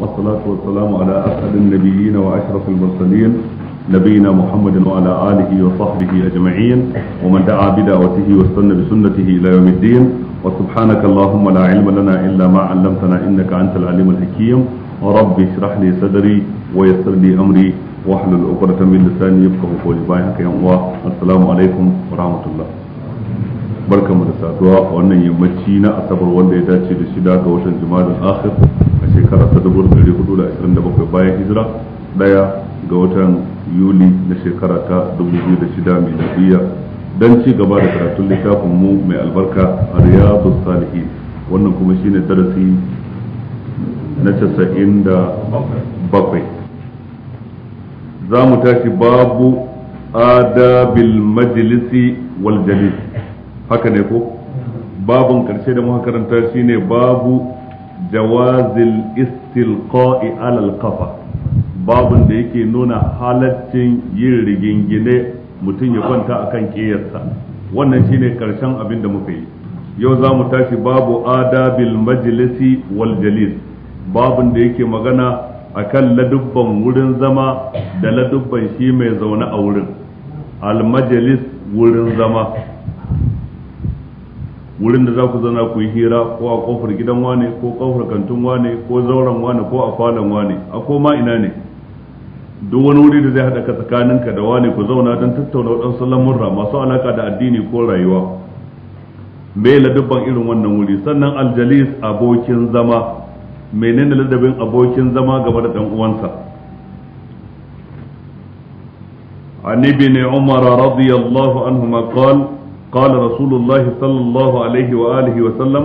والصلاة والسلام على أسعد النبيين وأشرف المرسلين نبينا محمد وعلى آله وصحبه أجمعين ومن دعا بدعوته واستنى بسنته إلى يوم الدين وسبحانك اللهم لا علم لنا إلا ما علمتنا إنك أنت العليم الحكيم رب اشرح لي صدري ويسر لي أمري واحلل عقدة من لساني يفقه قولي بايعك يا السلام عليكم ورحمة الله barkamu da saduwa a wannan yammaci na asabar wanda ya dace da shida ga watan jumada akhir shekara ta dubu hudu da da bakwai bayan hijira ɗaya ga watan yuli na shekara ta dubu biyu da shida mai nadiya don ci gaba da karatun littafin mu mai albarka a riyadu salihi wannan kuma shine darasi na casa'in da bakwai za mu tashi babu adabil majalisi wal jalis haka ne ko babun karshe da muka karanta shine babu جواز الاستلقاء على القفا باب da yake nuna halaccin yin rigingine mutum ya kwanta akan kiyarsa wannan shine karshen abin da muka yi yau za mu tashi babu adabil majlisi wal jalis babun da yake magana akan ladubban wurin zama da ladubban shi mai zaune a wurin al majlis wurin zama wurin da za ku zana ku yi hira ko a kofar gidan wane ko kofar kantin wane ko zauren wane ko a falon wane a koma ina ne duk wani wuri da zai haɗa ka tsakaninka da wane ku zauna don tattauna waɗansu lamurra masu alaka da addini ko rayuwa mai ladubban irin wannan wuri sannan aljalis abokin zama menene ladabin abokin zama game da ɗan uwansa عن ابن عمر رضي الله عنهما قال قال رسول الله صلى الله عليه وآله وسلم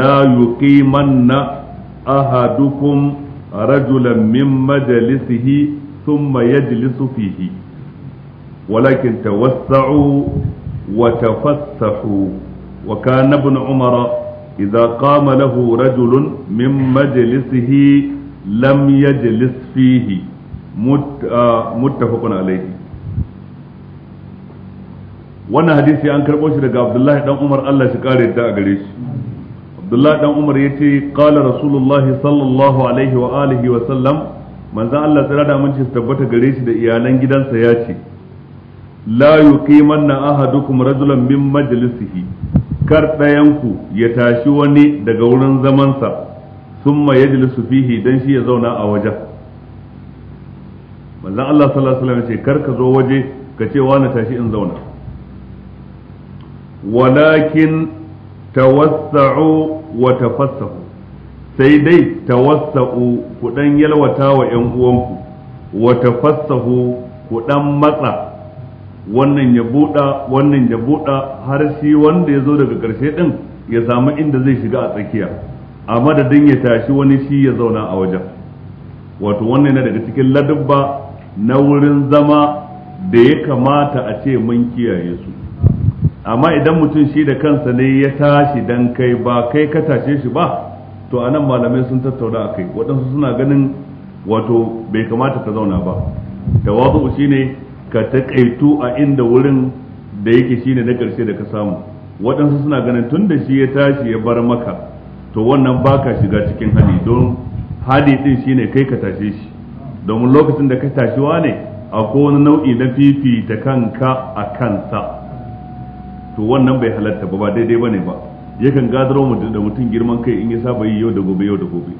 لا يقيمن أحدكم رجلا من مجلسه ثم يجلس فيه ولكن توسعوا وتفسحوا وكان ابن عمر إذا قام له رجل من مجلسه لم يجلس فيه متفق عليه wannan hadisi an karɓo shi daga abdullahi dan umar allah shi kare yadda a gare shi abdullahi dan umar ya ce kala rasulullahi sallallahu alaihi wa alihi wa sallam manzan allah tsira da aminci su tabbata gare shi da iyalan gidansa ya ce la yuqimanna ahadukum rajulan min majlisihi kar ɗayanku ya tashi wani daga wurin zamansa summa yajlisu fihi dan shi ya zauna a wajen manzan allah sallallahu alaihi wa sallam ya ce kar ka zo waje ka ce wani tashi in zauna walakin tawassa'u wa tafassahu sai dai tawassa'u ku dan yalwata wa ƴan uwanku wa tafassahu ku dan matsa wannan ya buɗa wannan ya buɗa har shi wanda ya zo daga ƙarshe ɗin ya samu inda zai shiga a tsakiya a madadin ya tashi wani shi ya zauna a wajen wato wannan yana daga cikin ladabba na wurin zama da ya kamata a ce mun kiyaye su amma idan mutum shi da kansa ne ya tashi dan kai ba kai ka tashe shi ba to anan malamai sun tattauna akai waɗansu suna ganin wato bai kamata ka zauna ba da tawazu ne ka taƙaitu a inda wurin da yake ne na ƙarshe da ka samu waɗansu suna ganin tun da shi ya tashi ya bar maka to wannan baka shiga cikin hali don hali din ne kai ka tashe shi domin lokacin da ka tashiwa ne akwai wani nau'i na fifita kanka a kansa to wannan bai halatta ba ba daidai bane ba yakan gadaro mu da mutum girman kai in ya saba yi yau da gobe yau da gobe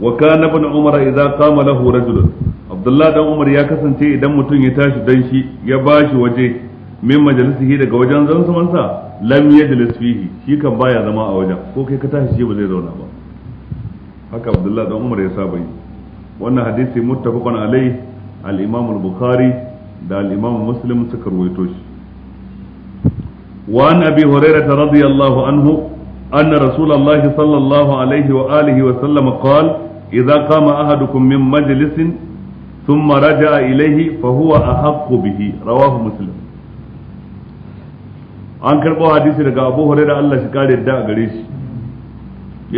wa kana ibn umar idza qama lahu rajul abdullah dan umar ya kasance idan mutum ya tashi dan shi ya bashi waje min majalisihi daga wajen sa. lam yajlis fihi shi kan baya zama a wajen ko kai ka tashi shi ba zai zauna ba haka abdullah dan umar ya saba yi wannan hadisi muttafaqun alai al-imam al-bukhari da al-imam muslim suka ruwaito shi wa an abi hurairah radiyallahu anhu anna rasulullah sallallahu alaihi wa alihi wa sallam qala idza qama ahadukum min majlisin thumma raja'a ilayhi fa huwa ahaqqu bihi rawahu muslim an karbo hadisi daga abu horaira Allah shi kare da gare shi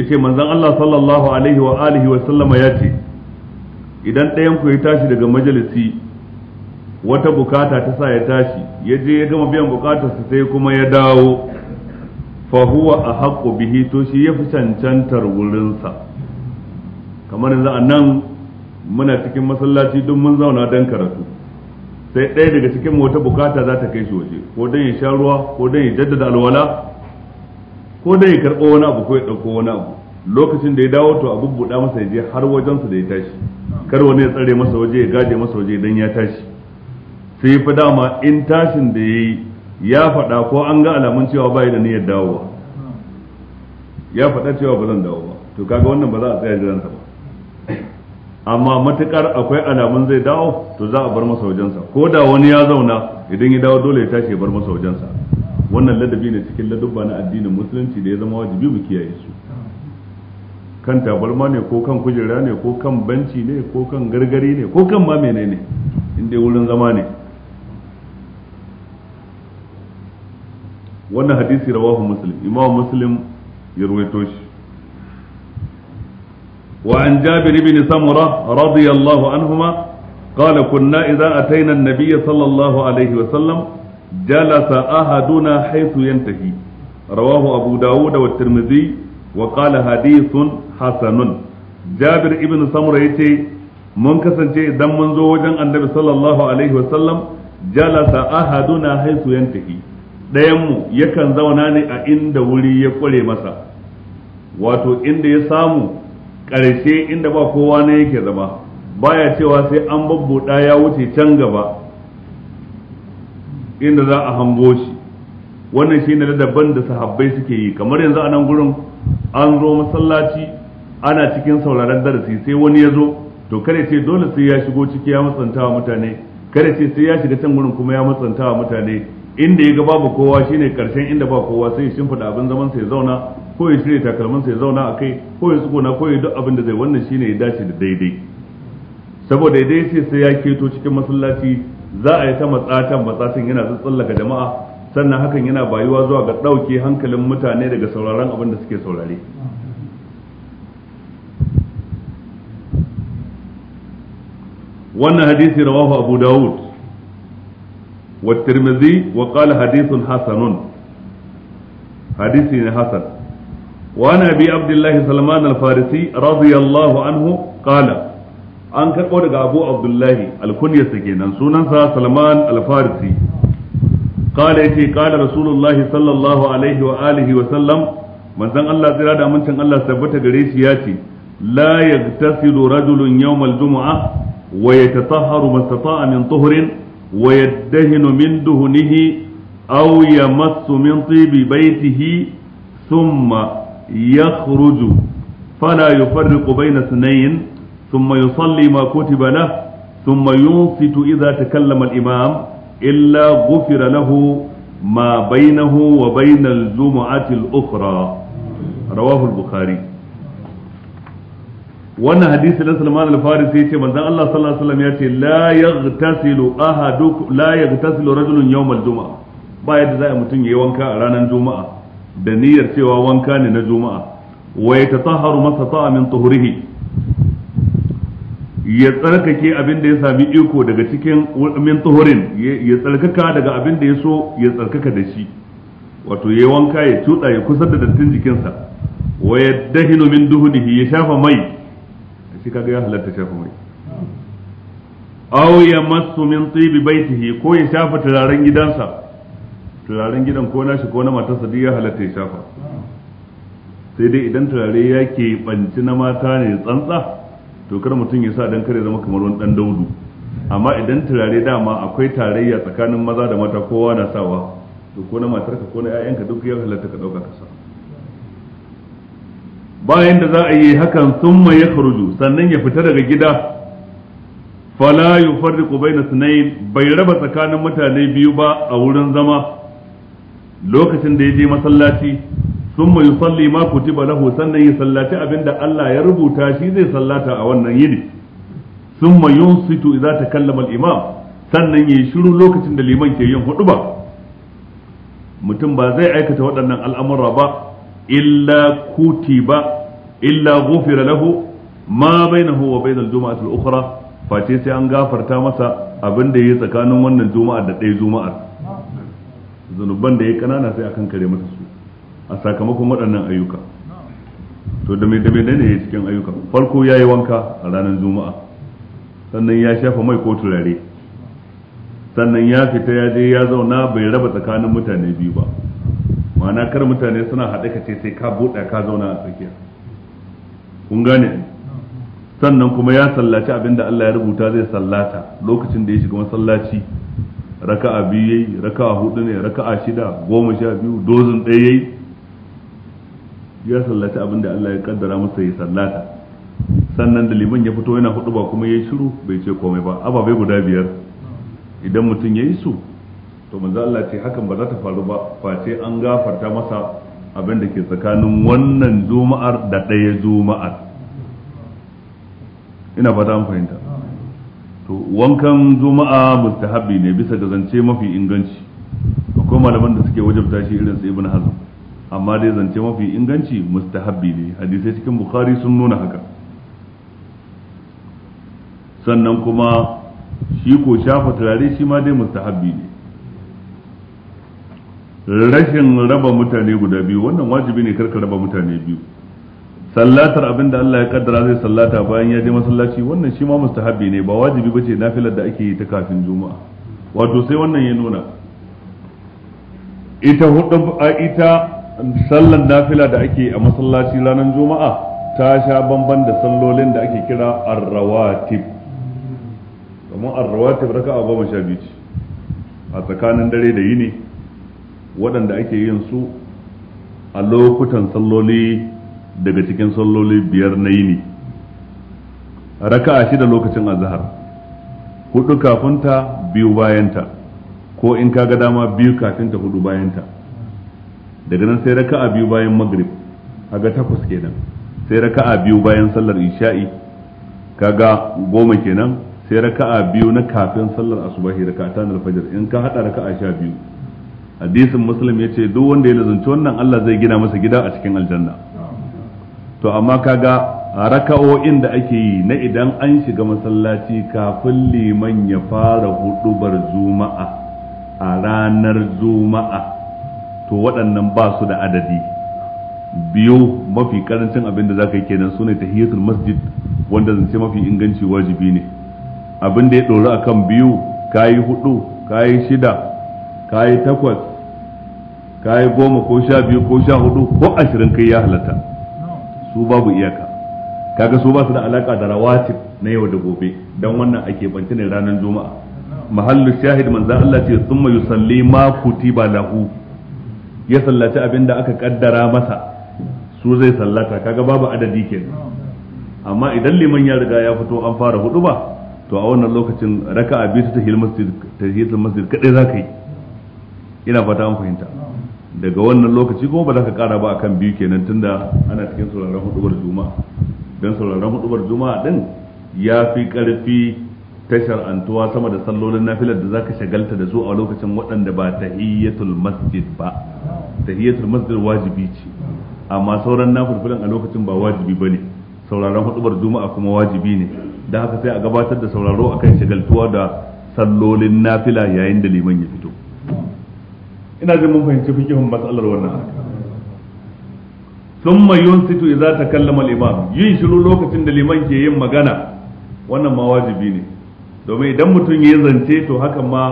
yace manzon Allah sallallahu alaihi wa alihi wa sallama yace idan ɗayan ku ya tashi daga majalisi wata bukata ta sa ya tashi ya je ya gama biyan bukatar su sai kuma ya dawo fahuwa a haƙo bihi to shi ya fi cancantar wurinsa kamar yanzu a nan muna cikin masallaci don mun zauna don karatu sai ɗaya daga cikin wata bukata za ta kai shi waje ko don ya sha ruwa ko don ya jaddada alwala ko don ya karɓo wani abu ko ya ɗauko wani abu lokacin da ya dawo to a bubbuɗa masa ya je har wajensa da ya tashi kar wani ya tsare masa waje ya gaje masa waje idan ya tashi sai fa dama in tashin da ya yi, ya faɗa ko an ga alamun cewa ba da niyyar dawowa ya faɗa cewa ba zan dawo ba to kaga wannan ba za a tsaya jiransa ba amma matukar akwai alamun zai dawo to za a bar masa wajensa ko da wani ya zauna idan ya dawo dole ya tashi ya bar masa wajensa wannan ladabi ne cikin ladubba na addinin musulunci da ya zama wajibi mu kiyaye su kan tabarma ne ko kan kujera ne ko kan banci ne ko kan gargari ne ko kan ma menene inda wurin zama ne wannan hadisi rawahu muslim imam muslim ya ruwaito shi وعن جابر بن سمرة رضي الله عنهما قال كنا إذا أتينا النبي صلى الله عليه وسلم جلس أحدنا حيث ينتهي رواه أبو داود والترمذي وقال حديث حسن جابر بن سمرة يتي mun kasance idan mun zo wajen annabi sallallahu alaihi sallam jalasa ahaduna haisu yantahi ɗayanmu yakan zauna ne a inda wuri ya kware masa wato inda ya samu ƙarshe inda ba kowa ne yake zama baya cewa sai an babbuɗa ya wuce can gaba inda za a hango shi wannan shine daban da sahabbai suke yi kamar yanzu a nan gurin an zo masallaci ana cikin sauraron darasi sai wani ya zo to kare ce dole sai ya shigo ciki ya matsanta wa mutane kare ce sai ya shiga can gurin kuma ya matsanta wa mutane inda ya ga babu kowa shine karshen inda ba kowa sai ya shimfida abin zaman sai ya zauna ko ya shirya takalmin sai ya zauna a kai ko ya tsugona ko ya duk abin da zai wannan shine ya dace da daidai saboda daidai sai sai ya keto cikin masallaci za a yi ta matsatan matsatan yana tsallaka jama'a sannan hakan yana bayuwa zuwa ga ɗauke hankalin mutane daga sauraron abin da suke saurare wannan hadisi rawahu abu dawud wa tirmidhi wa qala hadithun hasanun hadisi ne hasan wa ana bi abdullah salman al radiyallahu anhu qala an karɓo daga abu abdullahi alkunyarsa kenan sunansa salman alfarisi kala ce kala rasulullahi sallallahu alaihi wa alihi wa sallam manzon Allah tsira da amincin Allah tabbata gare shi ya ce la yagtasilu rajulun yawmal jumu'a wa yatatahharu min tuhrin ويدهن من دهنه أو يمس من طيب بيته ثم يخرج فلا يفرق بين اثنين ثم يصلي ما كتب له ثم ينصت إذا تكلم الإمام إلا غفر له ما بينه وبين الجمعة الأخرى رواه البخاري wannan hadisi na Salman al-Farisi ce manzon Allah sallallahu alaihi wasallam yace la yaghtasilu ahadukum la yaghtasilu rajulun yawm al-jum'a ba yadda za a mutum yayi wanka a ranar juma'a da niyyar cewa wanka ne na juma'a wa yatatahharu masata'a min tuhurihi ya tsarkake abin da ya sami iko daga cikin min tuhurin ya tsarkaka daga abin da ya so ya tsarkaka da shi wato yayi wanka ya tuda ya kusa da dattin jikinsa wa yadahinu min duhunihi ya shafa mai shi kaga ya halatta shafa mai aw ya masu min tibi baitihi ko ya shafa turaren gidansa turaren gidan ko nashi ko na matarsa duk ya halatta ya shafa sai dai idan turare ya ke banci na mata ne tsantsa to kar mutum ya sa dan kare zama kamar wani dan daudu amma idan turare dama akwai tarayya tsakanin maza da mata kowa na sawa to ko na matarka ko na 'ya'yanka duk ya halatta ka ɗauka ka sa bayan da za a yi hakan mai ya kharuju sannan ya fita daga gida fala yufarriqu na sunayn bai raba tsakanin mutane biyu ba a wurin zama lokacin da ya je masallaci mai salli ma kutiba lahu sannan ya sallaci abinda Allah ya rubuta shi zai sallata a wannan yini summa yunsitu idza takallama al-imam sannan yayi shiru lokacin da liman ke yin ba. mutum ba zai aikata waɗannan al'amura ba illa ba illa ghufira lahu ma bainahu wa bainal juma'ati al-ukhra face sai an gafarta masa abin da yayi tsakanin wannan juma'ar da ɗaya juma'ar zanuban da ya kanana sai akan kare masa su a sakamakon waɗannan ayyuka to da mai da ne cikin ayyuka farko yayi wanka a ranar juma'a sannan ya shafa mai ko turare sannan ya fita ya je ya zauna bai raba tsakanin mutane biyu ba ma'ana kar mutane suna haɗe ka ce sai ka buɗa ka zauna a tsakiya kun gane sannan kuma ya sallaci abin da Allah ya rubuta zai sallata lokacin da ya shiga masallaci raka'a biyu yayi raka'a hudu ne raka'a shida goma sha biyu dozin ɗaya yayi ya sallaci abinda Allah ya kaddara masa ya sallata sannan da liman ya fito yana hudu ba kuma yayi shiru bai ce komai ba ababai guda biyar idan mutum yayi su to manzo Allah ce hakan ba za ta faru ba face an gafarta masa abin da ke tsakanin wannan juma'ar da ɗaya juma'ar ina fata an fahimta to wankan juma'a mustahabi ne bisa ga zance mafi inganci akwai malaman da suke wajabta shi irin su ibn hazm amma dai zance mafi inganci mustahabi ne hadisai cikin bukhari sun nuna haka sannan kuma shi ko shafa turare shi ma dai mustahabi ne rashin raba mutane guda biyu wannan wajibi ne karka raba mutane biyu sallatar abin da Allah ya kaddara zai sallata bayan ya je masallaci wannan shi ma mustahabi ne ba wajibi bace nafilar da ake yi ta kafin juma'a wato sai wannan ya nuna ita hudu a ita sallan nafila da ake a masallaci ranar juma'a ta sha bamban da sallolin da ake kira arrawatib ar-rawatib raka'a goma sha biyu a tsakanin dare da yini waɗanda ake yin su a lokutan salloli daga cikin salloli biyar na yini raka'a shida lokacin azhar hudu kafinta biyu bayanta ko in kaga dama biyu kafinta hudu bayanta daga nan sai raka'a biyu bayan maghrib kaga takwas kenan sai raka'a biyu bayan sallar isha'i kaga goma kenan sai raka'a biyu na kafin sallar asubahi raka'atan alfajr in ka hada raka'a sha biyu hadisin muslim ya ce duk wanda ya lazunci wannan Allah zai gina masa gida a cikin aljanna to amma kaga raka'o'in da ake yi na idan an shiga masallaci kafin liman ya fara hudubar juma'a a ranar juma'a to waɗannan ba su da adadi biyu mafi karancin abin da za ka yi kenan su sune tahiyatul masjid wanda zance mafi inganci wajibi ne abin da ya ɗori akan biyu kayi hudu kayi shida kayi takwas ka yi goma ko sha biyu ko sha hudu ko ashirin kai ya halatta su babu iyaka kaga su ba su da alaka da rawatib na yau da gobe dan wannan ake banci ne ranar juma'a mahallu shahid manzo Allah ce thumma yusalli ma kutiba lahu ya sallaci abinda aka kaddara masa su zai sallata kaga babu adadi ke. amma idan liman ya riga ya fito an fara hudu ba to a wannan lokacin raka'a biyu ta tahiyyatul masjid kadai ka yi ina fata an fahimta daga wannan lokaci kuma ba za ka kara ba a kan biyu kenan tunda ana cikin sauraron hudubar juma'a don sauraron hudubar juma'a din ya fi karfi tashar antuwa sama da sallolin nafilar da zaka shagalta da su a lokacin waɗanda ba tahiyyatul masjid ba tahiyyatul masjid wajibi ce amma sauran nafilfilan a lokacin ba wajibi bane sauraron hudubar juma'a kuma wajibi ne da haka sai a gabatar da sauraro akan shagaltuwa da sallolin nafila yayin da liman ya fito ina jin mun fahimci fikihun matsalar wannan haka thumma yunsitu idza takallama al-imam yin shiru lokacin da liman ke yin magana wannan ma wajibi ne domin idan mutum ya zance to hakan ma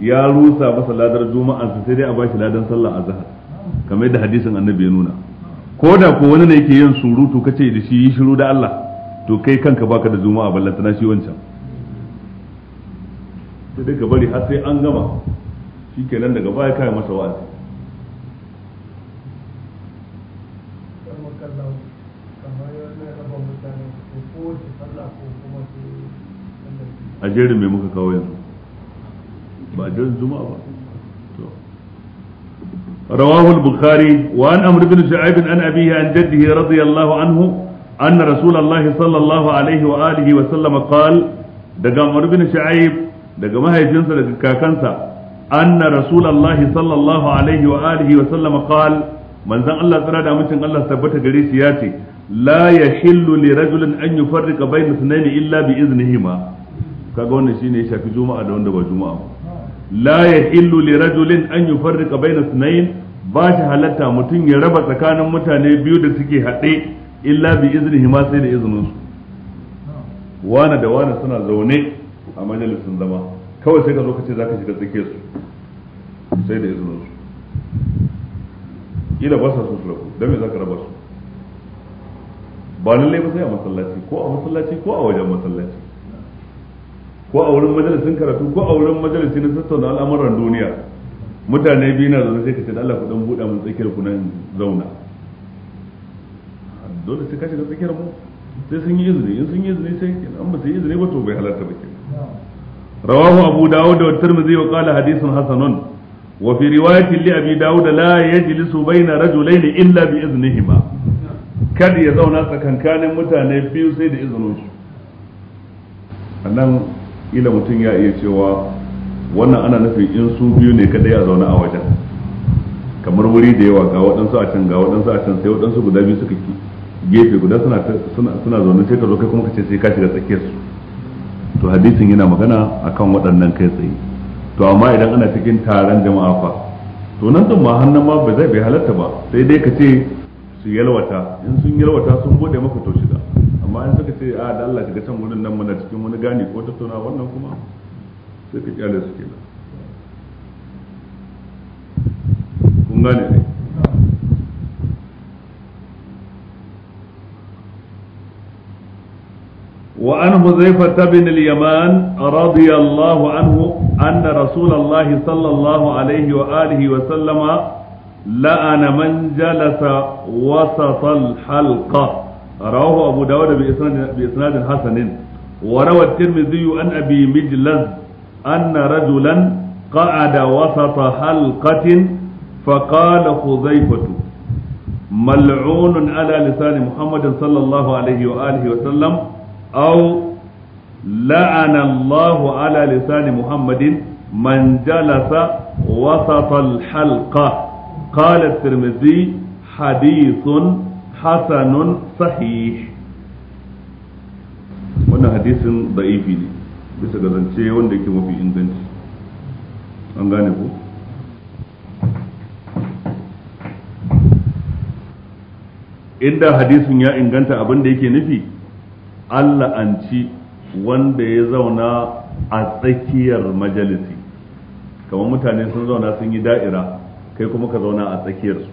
ya rusa masa ladar juma'an sai dai a bashi ladan sallah zahar. kamar yadda hadisin annabi ya nuna ko da ko wani ne yake yin surutu kace da shi yi shiru da Allah to kai kanka baka da juma'a ballantana shi wancan sai dai ka bari har sai an gama shi shikenan daga baya kai masa wa'azi a jerin mai muka kawo yanzu ba a jerin juma'a ba رواه البخاري وعن عمرو بن شعيب عن أبيه عن جده رضي الله عنه أن رسول الله صلى الله عليه وآله وسلم قال دقى عمرو بن شعيب دقى ما هي جنسة دقى كاكنسة أن رسول الله صلى الله عليه وآله وسلم قال من زن الله ترى دامتن الله ثبت قريس ياتي لا يحل لرجل أن يفرق بين اثنين إلا بإذنهما كقول نشين يشاك جمعة دون دبا جمعة لا يحل لرجل أن يفرق بين اثنين باش halatta mutum ya raba tsakanin mutane biyu da suke haɗe illa bi iznihima sai da izinin su wane da wane suna zaune a majalisin zama kawai sai ka zo ka ce zaka shiga tsakiyar su sai da izinin su ila ba sa so su rabu don me zaka raba su ba lallai ba sai a masallaci ko a masallaci ko a wajen masallaci ko a wurin majalisin karatu ko a wurin majalisun na tattauna al'amuran duniya mutane biyu na zaune sai ka ce da Allah ku dan buɗa mun tsakiyar ku nan zauna dole sai ka shiga tsakiyar mu sai sun yi izini in sun yi izini sai an ba su yi izini ba to bai halarta ba kenan رواه abu داود والترمذي وقال wa حسن وفي hasanun wa fi riwayatin li abi dawud la yajlisu baina rajulayn illa bi iznihima في ya zauna tsakankanin mutane biyu sai da izinin ila mutum ya iya cewa wannan ana nufin in su biyu ne kadai a zauna a wajen kamar wuri da yawa ga waɗansu a can ga waɗansu a can sai waɗansu guda biyu suka gefe guda suna zaune sai ka zo kai kuma ka ce sai ka shiga tsakiyar su to hadisin yana magana akan waɗannan kai tsaye to amma idan ana cikin taron jama'a fa to nan din ma hannun ma ba zai bai halatta ba sai dai ka ce su yalwata in sun yalwata sun bude maka to shiga amma in suka ce a da Allah ka ga can wurin nan muna cikin wani gani ko tattauna wannan kuma sai ka kyale su kenan kun gane ne وعن حذيفة بن اليمان رضي الله عنه أن رسول الله صلى الله عليه وآله وسلم لأن من جلس وسط الحلقة رواه أبو داود بإسناد, بإسناد حسن وروى الترمذي عن أبي مجلز أن رجلا قعد وسط حلقة فقال حذيفة ملعون على لسان محمد صلى الله عليه وآله وسلم Au! La'anallahu ala lisani Muhammadin man jalasa wasata al-halqa قال الترمذي حديث حسن wannan hadisin da'ifi ne bisa ga wanda yake mafi inganci an gane ku inda hadisin ya inganta abin da yake nufi Allah an ci wanda ya zauna a tsakiyar majalisi kamar mutane sun zauna sun yi da'ira kai kuma ka zauna a tsakiyarsu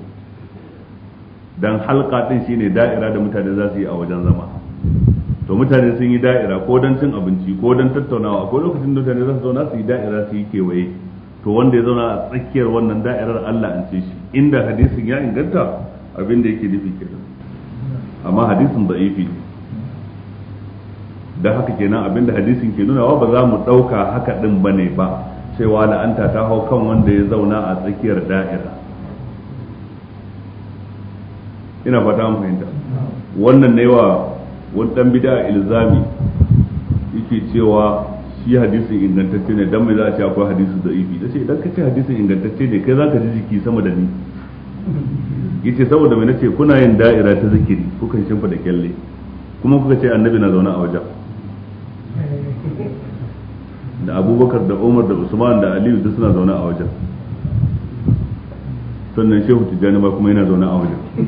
don halka ɗin shine da'ira da mutane za su yi a wajen zama to mutane sun yi da'ira ko don cin abinci ko don tattaunawa ko lokacin da mutane za su zauna su yi da'ira su yi kewaye to wanda ya zauna a tsakiyar wannan da'irar Allah an ce shi inda hadisin ya inganta abin da yake nufi kenan amma hadisin da'ifi ne da haka kenan abinda hadisin ke wa ba za mu ɗauka haka ɗin ba ne ba cewa la'anta ta hau kan wanda ya zauna a tsakiyar da'ira ina fata an fahimta wannan ne wa wani ɗan bida ilzami yake cewa shi hadisin ingantacce ne dan mai za a ce akwai hadisi da ifi da ce idan ka ce hadisin ingantacce ne kai za ka ji jiki sama da ni yace saboda mai nace kuna yin da'ira ta zikiri kukan shimfa da kyalle kuma kuka ce annabi na zaune a wajen da abubakar da umar da usman da aliyu duk suna zaune a wajen sannan shehu tijjani ma kuma yana zaune a wajen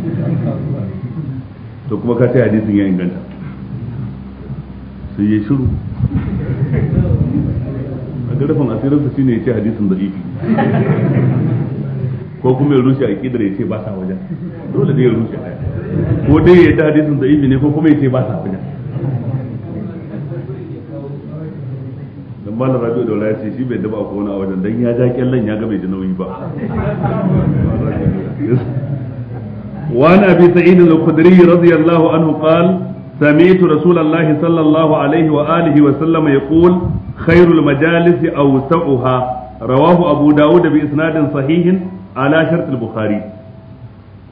to kuma ka ta hadisin ya inganta sai ya shiru a garafin asirinsa shine ya ce hadisin da ifi ko kuma ya rushe aqidar ya ce ba sa wajen dole ne ya rushe ko dai ya ta hadisin da ifi ne ko kuma ya ce ba sa wajen malam rabi'u da wala ce shi bai daba ko wani a wajen dan ya ja kyallan ya ga bai ji nauyi ba وعن ابي سعيد الخدري رضي الله عنه قال سمعت رسول الله صلى الله عليه واله وسلم يقول خير rawahu abu رواه ابو داود باسناد صحيح على شرط Bukhari.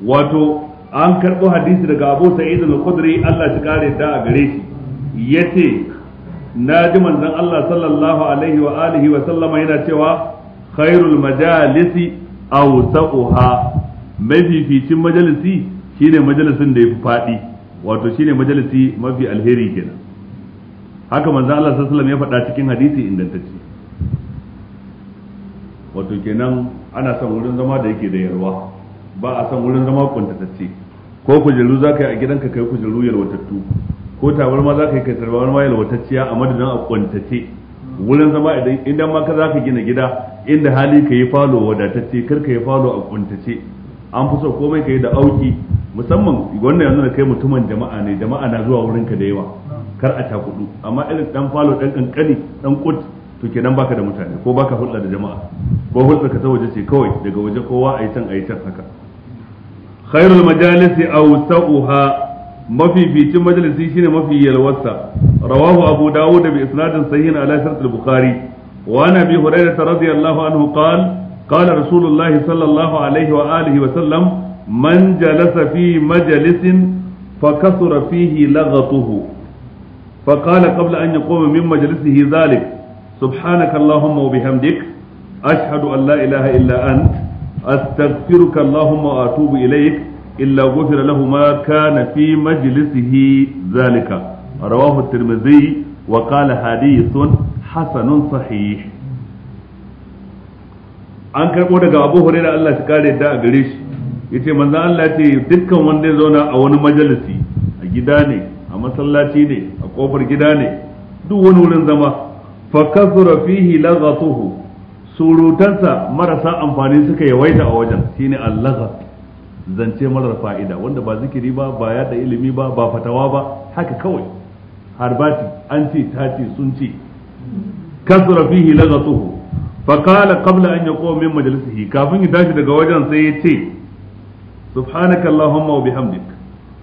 wato an karɓo hadisi daga abu sa'id al-khudri Allah shi kare da a gare shi yace na ji manzon Allah sallallahu alaihi wa alihi wa sallama yana cewa khairul majalisi awsa'uha mafificin majalisi shine majalisin da yafi fadi wato shine majalisi mafi alheri kenan haka manzon Allah sallallahu alaihi wa ya faɗa cikin hadisi ingantacce wato kenan ana son wurin zama da yake da yarwa ba a son wurin zama kuntatacce ko kujeru zaka yi a gidanka kai kujeru yarwatattu ko ma za ka yi kai ma yalwatacciya a madadin a kwantace wurin zama idan idan ma ka za ka gina gida inda hali ka yi falo wadatacce kar ka yi falo a kwantace an fi so komai ka yi da auki musamman wannan yanzu da kai mutumin jama'a ne jama'a na zuwa wurin ka da yawa kar a kudu amma irin dan falo dan kankani dan kut to kenan baka da mutane ko baka hulɗa da jama'a ko hulɗa ka ta waje ce kawai daga waje kowa a yi can a yi can haka khairul majalisi awsa'uha mafificin majalisi shine mafi yalwarsa rawahu abu dawud bi isnadin sahihin ala shart al-bukhari wa an abi hurairah radiyallahu anhu qala qala rasulullah sallallahu alaihi wa alihi wa sallam man jalasa fi majalisin fa فكثر فيه لغطه فقال قبل أن يقوم من مجلسه ذلك سبحانك اللهم وبحمدك أشهد أن لا إله إلا أنت أستغفرك اللهم وأتوب إليك illa ghufira lahu ma kana fi majlisihi zalika rawahu tirmidhi wa qala hadithun hasanun sahih an karɓo daga Abu Hurairah Allah shi kare da a gare shi yace manzon Allah ce dukkan wanda ya zauna a wani majalisi a gida ne a masallaci ne a kofar gida ne duk wani wurin zama fa fihi laghatuhu surutansa marasa amfani suka yawaita a wajen shine al zance marar fa'ida wanda ba zikiri ba ba yada ilimi ba ba fatawa ba haka kawai harbati an ce ta ce sun ce kasura fihi lagatuhu fa qala qabla an yaqum min majlisihi kafin ya tashi daga wajen sai ya ce subhanaka allahumma wa bihamdik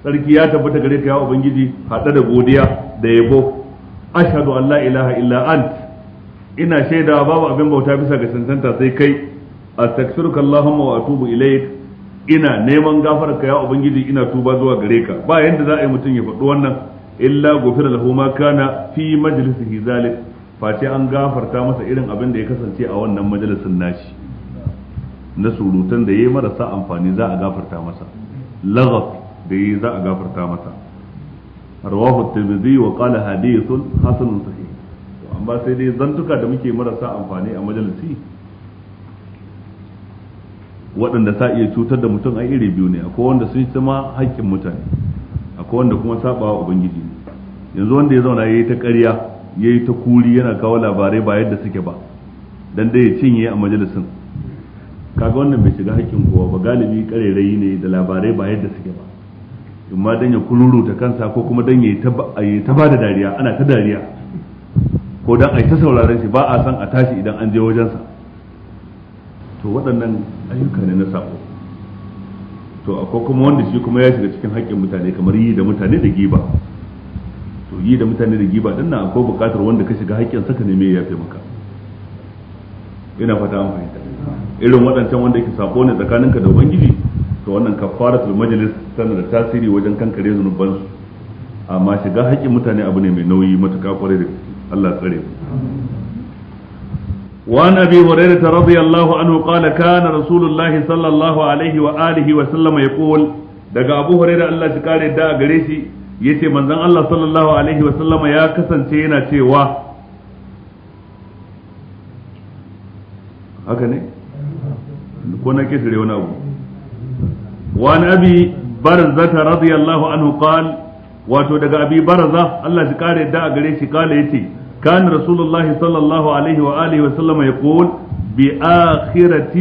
sarki ya tabbata gare ka ya ubangiji hada da godiya da yabo ashhadu an la ilaha illa ant ina shaidawa babu abin bauta bisa ga cancanta sai kai astaghfiruka allahumma wa atubu ilayk ina neman gafarar ka ya ubangiji ina tuba zuwa gare ka ba yanda za a yi mutum ya faɗi wannan illa gufira lahu ma kana fi majlisihi zalik face an gafarta masa irin abin da ya kasance a wannan majalisin nashi na surutan da yayi marasa amfani za a gafarta masa lagaf da yayi za a gafarta masa rawahu at-tirmidhi wa qala hadithun hasanun sahih amma sai dai zantuka da muke marasa amfani a majalisi waɗanda sa iya cutar da mutum a iri biyu ne akwai wanda sun sama haƙƙin mutane akwai wanda kuma sabawa ubangiji ne yanzu wanda ya zauna ya yi ta ƙarya yi ta kuri yana kawo labarai ba yadda suke ba dan dai ya cinye a majalisin kaga wannan bai shiga haƙƙin kowa ba galibi ƙarerayi ne da labarai ba yadda suke ba amma dan ya kururuta kansa ko kuma dan yi ta ba da dariya ana ta dariya ko dan yi ta sauraron shi ba a san a tashi idan an je wajensa to waɗannan ayyuka ne na sako to akwai kuma wanda shi kuma ya shiga cikin haƙƙin mutane kamar yi da mutane da giba to yi da mutane da giba dinnan akwai buƙatar wanda ka shiga haƙƙin saka ne me ya fi maka ina fata an fahimta irin waɗancan wanda yake sako ne tsakaninka da ubangiji to wannan kafaratul majlis tana da tasiri wajen kankare su amma shiga haƙƙin mutane abu ne mai nauyi matuƙa ƙwarai da Allah tsare mu وعن ابي هريره رضي الله عنه قال كان رسول الله صلى الله عليه واله وسلم يقول daga abu hurairah Allah shi kare da gare shi yace manzon Allah ya kasance yana cewa wani abu wa abi barzata radiyallahu anhu qal wato daga abi barza Allah shi kala yace كان رسول الله صلى الله عليه وآله وسلم يقول بآخرة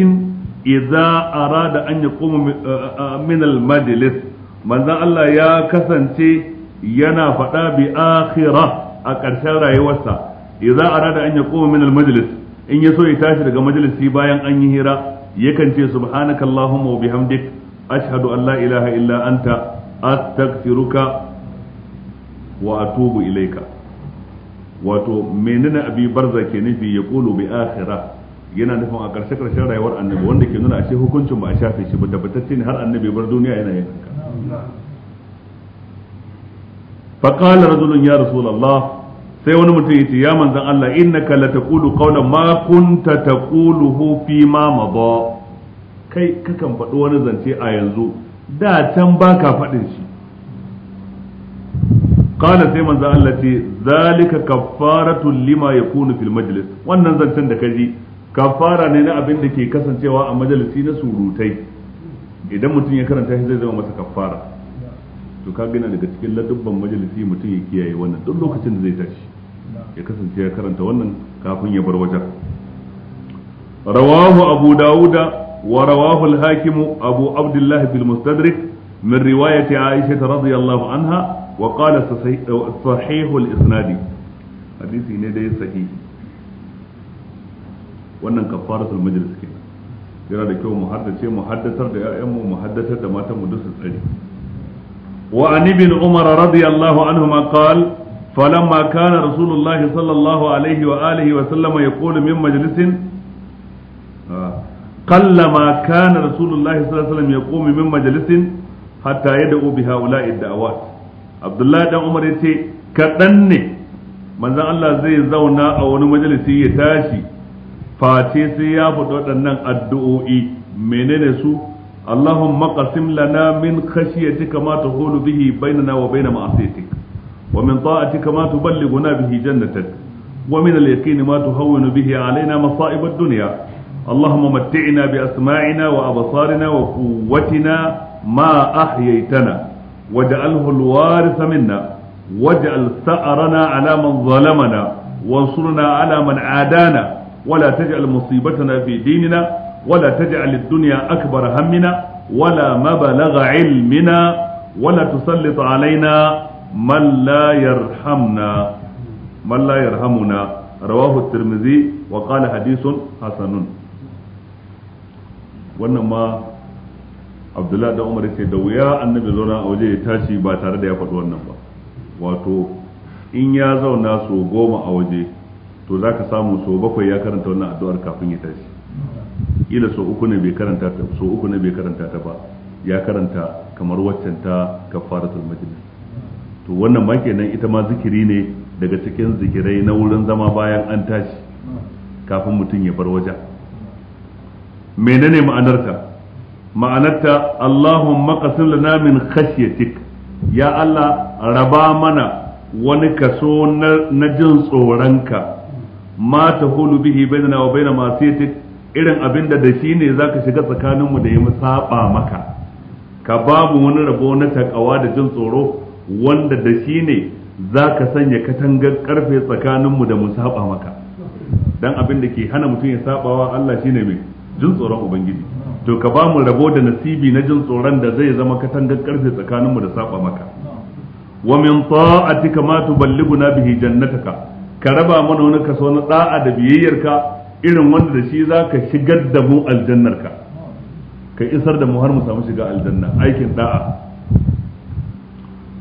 إذا أراد أن يقوم من المجلس من ذا الله يا كسنتي ينا فتا بآخرة أكرشان رأيوسا إذا أراد أن يقوم من المجلس إن يسو يتاشر مجلس باين أن يهرا يكن سبحانك اللهم وبحمدك أشهد أن لا إله إلا أنت أستغفرك وأتوب إليك wato menene abi barza ke nufi ya kulu bi akhira yana nufin a karshe karshen rayuwar annabi wanda ke nuna ashe hukuncin ba a shafe shi ba tabbatacce ne har annabi bar duniya yana yin haka fa rajulun ya rasulullah sai wani mutum ya ce ya manzan Allah innaka la taqulu qawlan ma kunta taquluhu fi ma mada kai kakan faɗi wani zance a yanzu da can baka faɗin shi qala sai manzo Allah ce zalika kaffaratu lima ya fil majlis wannan zancen da kaji kafara ne na abin da ke kasancewa a majalisi na surutai idan mutum ya karanta zai zama masa kafara to ka gina daga cikin ladubban majalisi mutum ya kiyaye wannan duk lokacin da zai tashi ya kasance ya karanta wannan kafin ya bar wajen rawahu abu dawuda wa rawahu al-hakim abu abdullah bil mustadrik min riwayati aisha radiyallahu anha wa qala sahihul isnadi hadisi ne dai sahihi wannan kafaratul majlis ke yana da kyau mu haddace mu haddatar da ƴaƴanmu mu haddatar da matan mu duk su wa an ibn umar radiyallahu anhuma qala فلما كان رسول الله wa الله عليه وآله وسلم يقول من مجلس قلما كان رسول الله صلى الله عليه وسلم يقوم من مجلس حتى يدعو بهؤلاء الدعوات abdullahi dan umar ya ce kaɗan ne manzan Allah zai zauna a wani majalisi ya tashi face sai ya fito waɗannan addu’o’i menene su Allahun maƙasim lana min kashiyati kama ta holu bihi bainana wa baina ma'asaitik wa min ta'ati kama ta balli guna bihi jannatat wa min al-yaqin ma tuhawwinu bihi alaina masa'ib ad-dunya اللهم متعنا بأسماعنا وأبصارنا وقوتنا ما أحييتنا waj'alhu al-warisa minna waj'al sa'rana ala man zalamana wansurna ala man adana wala taj'al musibatana fi dinina wala taj'al ad-dunya akbar hammina wala mablagha ilmina wala tusallit alaina man la yarhamna man la rawahu at-tirmidhi wa qala hadithun hasanun wannan ma abdullahi da umar ce da wuya annabi zauna a waje ya tashi ba tare da ya faɗi wannan ba wato in ya zauna so goma a waje to za ka samu so bakwai ya karanta wannan addu'ar kafin ya tashi ila so uku ne bai karanta ta so uku ne bai karanta ta ba ya karanta kamar waccan ta kafaratul majlis to wannan ma kenan ita ma zikiri ne daga cikin zikirai na wurin zama bayan an tashi kafin mutum ya bar wajen menene ma'anarta ma'anarta Allahumma qasim lana min khashyatik ya Allah raba mana wani kaso na jin tsoronka ma ta hulu bihi bainana wa baina masiyatik irin abinda da shi ne zaka shiga tsakanin mu da ya mu maka ka babu wani rabo na takawa da jin tsoro wanda da shi ne zaka sanya katangar karfe tsakaninmu da mu saba maka dan abin da ke hana mutum ya sabawa Allah shine mai jin tsoron ubangiji to ka ba mu rabo da nasibi na jin tsoron da zai zama katangar karfe tsakaninmu da saba maka wa min ta'atika ma tuballighuna bihi jannataka ka raba mana wani kaso na da'a da biyayyarka irin wanda da shi zaka shigar da mu aljannarka ka isar da mu har mu samu shiga aljanna aikin da'a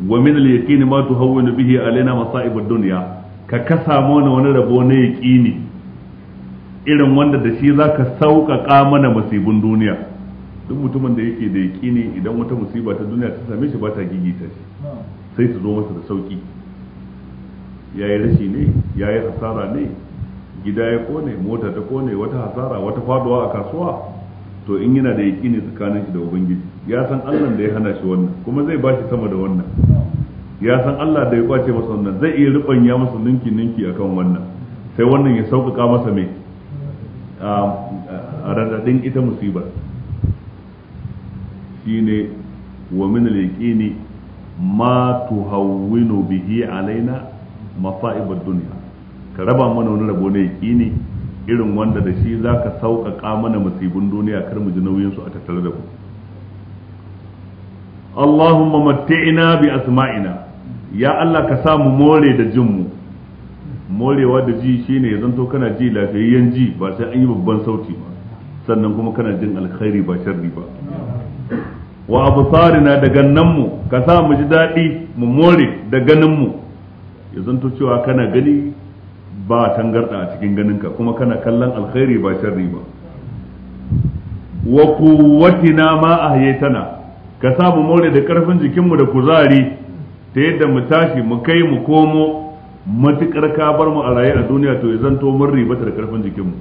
wa min al-yaqini ma tuhawwinu bihi alaina masa'ib ad-dunya ka kasa mana wani rabo na yaqini irin wanda da shi za ka sauƙaƙa mana masibin duniya duk mutumin da yake da ne idan wata musiba ta duniya ta same shi ba ta gigita shi sai su zo masa da sauƙi ya yi rashi ne ya yi hasara ne gida ya kone mota ta kone wata hasara wata faduwa a kasuwa to in yana da ne tsakanin shi da ubangiji ya san allah da ya hana shi wannan kuma zai ba shi sama da wannan ya san allah da ya kwace masa wannan zai iya riɓanya masa ninki ninki akan wannan sai wannan ya sauƙaƙa masa mai raɗaɗin ita musibar ne wa min al ma tuhawwinu bihi alaina masa'ib ad duniya, ka raba mana wani rabo ne yaƙini irin wanda da shi za ka sauƙaƙa mana musibin duniya kar mu ji nauyin su a tattare da ku Allahumma matti'na bi asma'ina ya Allah ka sa mu more da jinmu morewa da ji shine ya zanto kana ji lafiyayyen ji ba sai an yi babban sauti ba sannan kuma kana jin alkhairi ba sharri ba wa absarina da gannanmu ka sa mu ji daɗi mu more da ganinmu ya zanto cewa kana gani ba tangarda a cikin ganinka kuma kana kallon alkhairi ba sharri ba wa quwwatina ma ahyaytana ka sa mu more da karfin jikinmu da kuzari ta yadda mu tashi mu kai mu komo matukar ka bar mu a raye a duniya to zan to mun da karfin jikinmu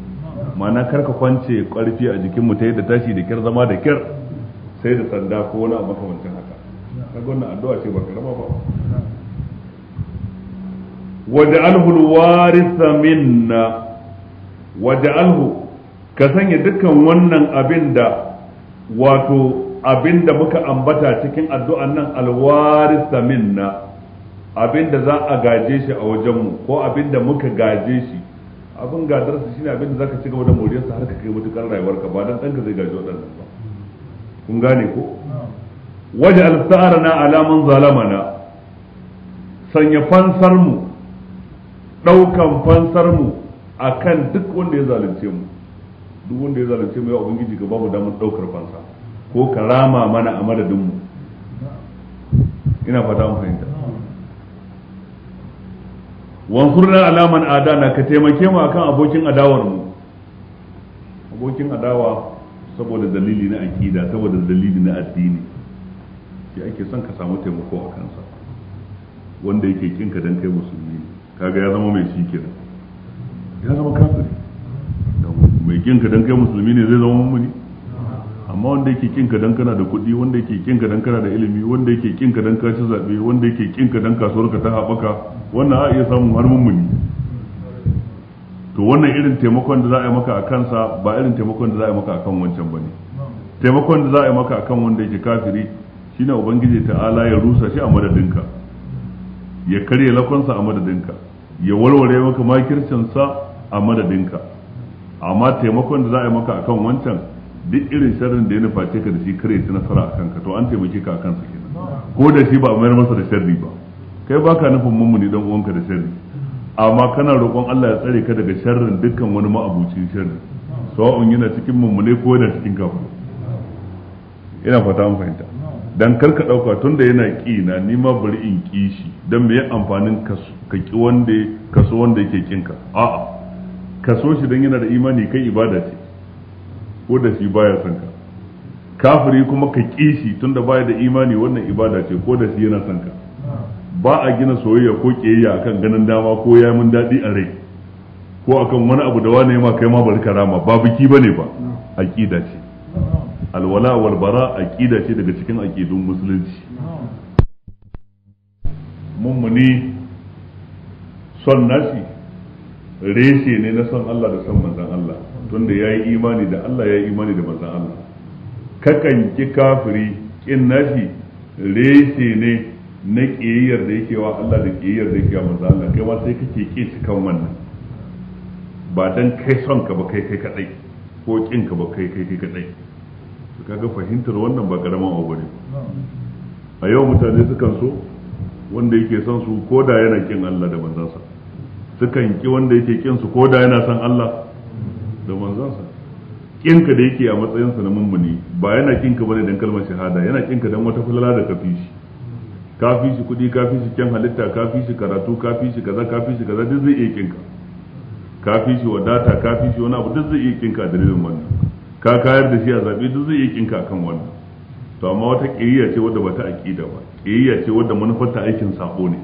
ma'ana kar ka kwance karfi a jikinmu ta yadda tashi da kyar zama da kyar sai da sanda ko wani abu makamancin haka ka wannan addu'a ce ba karama ba waj'alhu alwarisa minna alhu ka sanya dukkan wannan abin da wato abin da muka ambata cikin addu'an nan alwarisa minna abin da za a gaje shi a wajenmu ko abin da muka gaje shi abin gadarsa shine abin da zaka ci gaba da moriyarsa har ka kai mutukar rayuwarka ba dan ka zai gaji waɗannan ba kun gane ko waje alsa'arana alaman zalamana sanya fansar mu ɗaukan fansar mu akan duk wanda ya zalunce mu duk wanda ya zalunce mu ya ubangiji ka babu damar ɗaukar fansa ko karama mana a madadin mu ina fata mu fahimta wansurna alaman adana ka taimake mu akan abokin adawar mu abokin adawa saboda dalili na akida saboda dalili na addini shi ake son ka samu taimako a kansa wanda yake kinka dan kai musulmi kaga ya zama mai shi kenan ya zama kafiri mai kinka dan kai musulmi ne zai zama mumuni amma wanda yake kinka dan kana da kuɗi wanda yake kinka dan kana da ilimi wanda yake kinka dan kaci zaɓe zabe wanda yake kinka dan ka ta haɓaka wannan a iya samun har mummuni to wannan irin taimakon da za a yi maka a kansa ba irin taimakon da za a yi maka a kan wancan ba ne taimakon da za a yi maka a kan wanda yake kafiri shine ubangiji ta'ala ya rusa shi a madadinka ya karya lakonsa a madadinka ya warware maka makircinsa a madadinka amma taimakon da za a yi maka akan wancan duk irin sharrin da ya nufa ce ka da shi kare ta nasara a kanka to an taimake ka a kansa nan ko da shi ba a mayar masa da sharri ba kai baka nufin mummuni dan uwanka da sharri amma kana roƙon Allah ya tsare ka daga sharrin dukkan wani ma'abucin sharri sawa'un yana cikin mummune ko yana cikin kafin ina fata mun fahimta dan kar ka dauka tunda yana ki na ni ma bari in ki shi dan me amfanin ka ki wanda kaso wanda yake kinka a'a kaso shi dan yana da imani kai ibada ce ko da shi baya son ka kafiri kuma ka ƙi shi tunda baya da imani wannan ibada ce ko da shi yana son ka ba a gina soyayya ko ƙiyayya akan ganin dama ko ya mun daɗi a rai ko akan wani abu da wani ma kai ma bari karama ba biki bane ba aqida ce alwala wal bara aqida ce daga cikin aqidun musulunci mummuni son nashi reshe ne na son Allah da son manzon Allah tunda ya yi imani da Allah ya yi imani da manzan Allah kakan ki kafiri kin nashi reshe ne na ƙiyayyar da yake wa Allah da ƙiyayyar da yake wa manzan Allah kai ma sai kake ƙi cikan wannan ba dan kai son ka ba kai kai kadai ko kin ka ba kai kai kai kadai to kaga fahimtar wannan ba karaman abu ne a yau mutane sukan so wanda yake son su koda yana kin Allah da manzansa sukan ki wanda yake kin su koda yana son Allah da manzansa kinka da yake a matsayinsa na mummuni ba yana kinka bane dan kalmar shahada yana kinka dan wata fulala da kafi shi kafi shi kudi kafi shi kyan halitta kafi shi karatu kafi shi kaza kafi shi kaza duk zai iya kinka kafi shi wadata kafi shi wani abu duk zai iya kinka dalilin wannan ka kayar da shi a zabe duk zai iya kinka akan wannan to amma wata kiriya ce wadda bata aqida ba kiriya ce wadda manufar ta aikin sako ne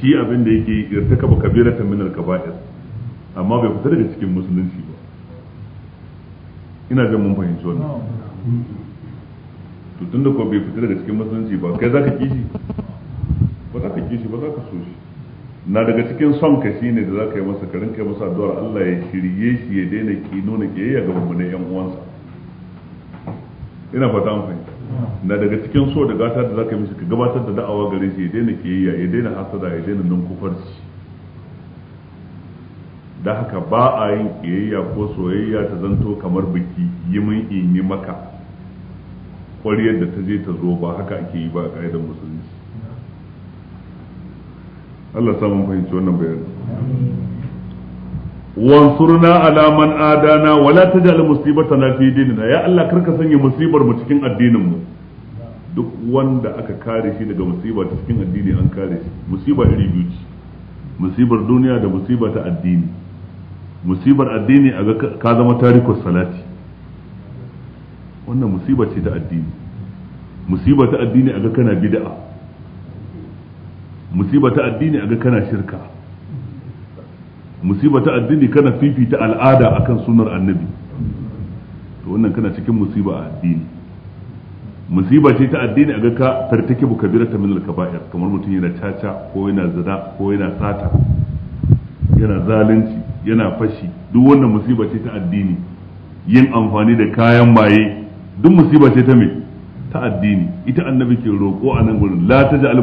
shi abin da yake ba kabiratan min al-kaba'ir amma bai fita daga cikin musulunci ba ina jan mun fahimci wannan to tunda ko bai fita daga cikin musulunci ba kai zaka ki shi ba zaka ki shi ba zaka so shi na daga cikin son ka shine da zaka yi masa karin kai masa addu'ar Allah ya shirye shi ya daina ki nuna yaya ga babban yan uwansa ina fata an na daga cikin so da gata da zaka yi masa ka gabatar da da'awa gare shi ya daina yaya ya daina hasada ya daina nan kufarci da haka ba a yin kiyayya ko soyayya ta zanto kamar biki yi mun in yi maka ƙwariyar da ta je ta zo ba haka ake yi ba a ƙa'idar musulunci Allah samun fahimci wannan bayanin wansurna alaman adana wala ta musibar ta fi dinina ya Allah karka sanya musibar mu cikin addinin mu duk wanda aka kare shi daga musiba ta cikin addini an kare shi musiba iri biyu ce musibar duniya da musiba ta addini musibar addini a ga ka zama tarikos salati wannan musiba ce ta addini musiba ta addini a ga kana bida'a musiba ta addini a ga kana shirka musiba ta addini kana fifita al'ada akan sunar annabi to wannan kana cikin musiba a addini musiba ce ta addini a ga ka tartake bu kabirata min al-kaba'ir kamar mutum yana caca ko yana zina ko yana sata yana zalunci yana fashi duk wannan musiba ce ta addini yin amfani da kayan maye duk musiba ce ta me ta addini ita annabi ke roƙo a nan gurin la taj'al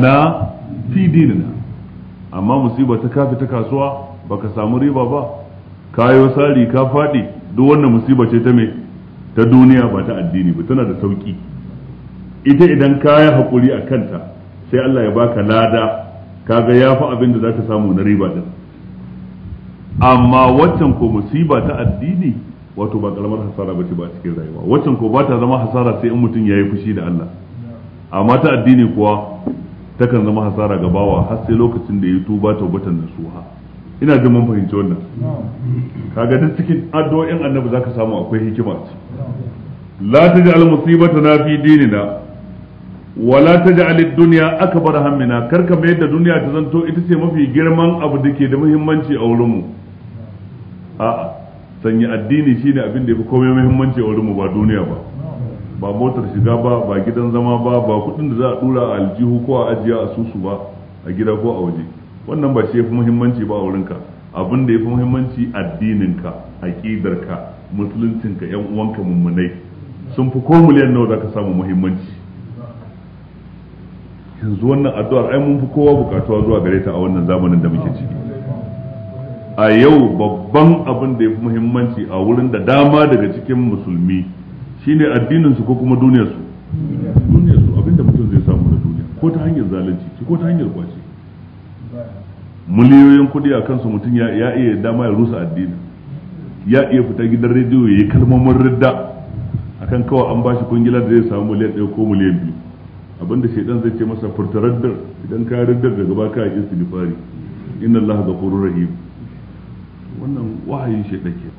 na fi dinina amma musiba ta kafi ta kasuwa baka samu riba ba kayo sari ka faɗi duk wannan musiba ce ta me ta duniya ba ta addini ba tana da sauƙi. ita idan ka yi haƙuri a kanta sai Allah ya baka lada kaga ya fi abin da za ka samu na riba din amma waccan ko musiba ta addini wato ba karamar hasara ba ce ba cikin rayuwa waccan ko ba ta zama hasara sai in mutum ya yi fushi da Allah amma ta addini kuwa takan zama hasara ga bawa har sai lokacin da ya yi tuba taubatan suha ina jin mun fahimci wannan kaga duk cikin addu'o'in annabi zaka samu akwai hikima ce la taj'al na fi dinina wa la taj'al ad-dunya akbar hammina karka mai da duniya ta zanto ita ce mafi girman abu da ke da muhimmanci a wurin mu a'a sanya addini shine abin da yafi komai muhimmanci a wurin mu ba duniya ba ba motar shiga ba ba gidan zama ba ba kudin da za a dura a aljihu ko a ajiya a susu ba a gida ko a waje wannan ba shi yafi muhimmanci ba a wurinka abin da yafi muhimmanci ka musuluncin musuluncinka yan uwanka mummunai sun fi ko miliyan nawa zaka samu muhimmanci yanzu wannan addu'ar ai mun fi kowa bukatuwa zuwa gare ta a wannan zamanin da muke ciki a yau babban abin da ya fi muhimmanci a wurin da dama daga cikin musulmi shine addinin su ko kuma duniyar su duniyar su abinda mutum zai samu na duniya ko ta hanyar zalunci ko ta hanyar kwace miliyoyin kuɗi a kansu mutum ya iya dama ya rusa addini ya iya fita gidan rediyo ya yi kalmomin ridda akan kawai an bashi kungila da zai samu miliyan ɗaya ko miliyan biyu abinda shaidan zai ce masa furta raddar idan ka raddar daga baka istighfari inna allaha ghafurur rahim wannan wahayi shi dake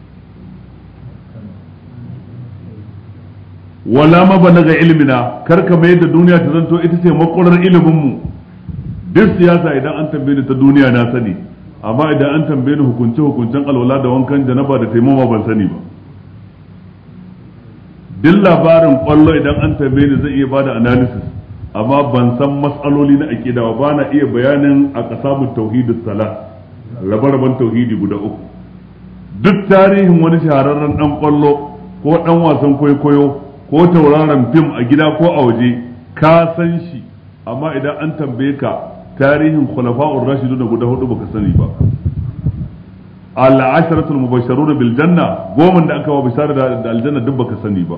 wala ma balaga ilmina kar ka mai da duniya ta zanto ita ce makwarar ilimin mu duk siyasa idan an tambaye ni ta duniya na sani amma idan an tambaye ni hukunce hukuncen alwala da wankan janaba da taimama ban sani ba duk labarin kwallo idan an tambaye ni zai iya bada analysis amma ban san matsaloli na akida ba na iya bayanin a mu tauhidus sala rabe-raben tauhidi guda uku duk tarihin wani shahararren dan kwallo ko dan wasan kwaikwayo ko tauraron fim a gida ko a waje ka san shi amma idan an tambaye ka tarihin khulafa'ur rashidu da guda hudu baka sani ba al-asharatul mubashsharun bil janna goman da aka wa bisara da aljanna duk baka sani ba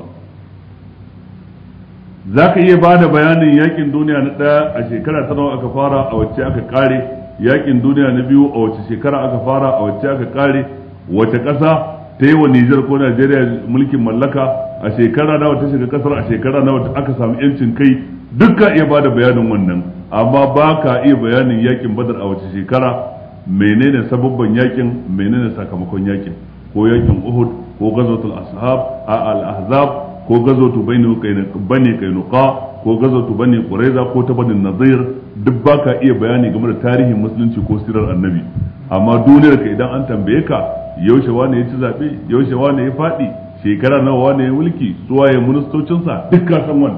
zaka iya bada bayanin yakin duniya na daya a shekara ta nawa aka fara a wacce aka kare yakin duniya na biyu a wacce shekara aka fara a wacce aka kare wace ƙasa ta yi wa Nijar ko Najeriya mulkin mallaka a shekara nawa ta shiga kasar a shekara nawa aka samu yancin kai dukkan iya bada bayanin wannan amma ba ka iya bayanin yakin badar a wace shekara menene sababban yakin menene sakamakon yakin ko yakin Uhud ko gazotul ashab a al-ahzab ko gazotu bani kainuka ko gazotu bani quraiza ko ta bani nadir duk baka iya bayani game da tarihin musulunci ko sirar annabi amma duniyar ka idan an tambaye ka yaushe wane ya ci zaɓe yaushe wane ya faɗi shekara nawa wane ya mulki waye ministocinsa duk ka san wani.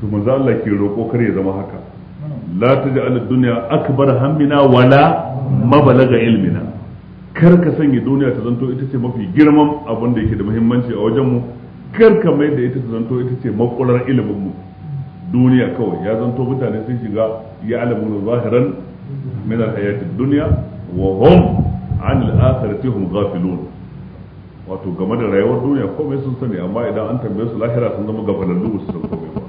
to maza Allah ke roƙo kar ya zama haka la taj'al duniya aka akbar hammina wala mabalaga ilmina kar ka sanya duniya ta zanto ita ce mafi girman abin da yake da muhimmanci a wajen mu kar ka mai da ita ta zanto ita ce makular ilimin mu duniya kawai ya zanto mutane sun shiga ya alamu zahiran من الحياة hayati وهم wa الآخرة هم غافلون wato game da rayuwar duniya komai sun sani amma idan an tambaye su lahira sun zama gafalallu su san komai ba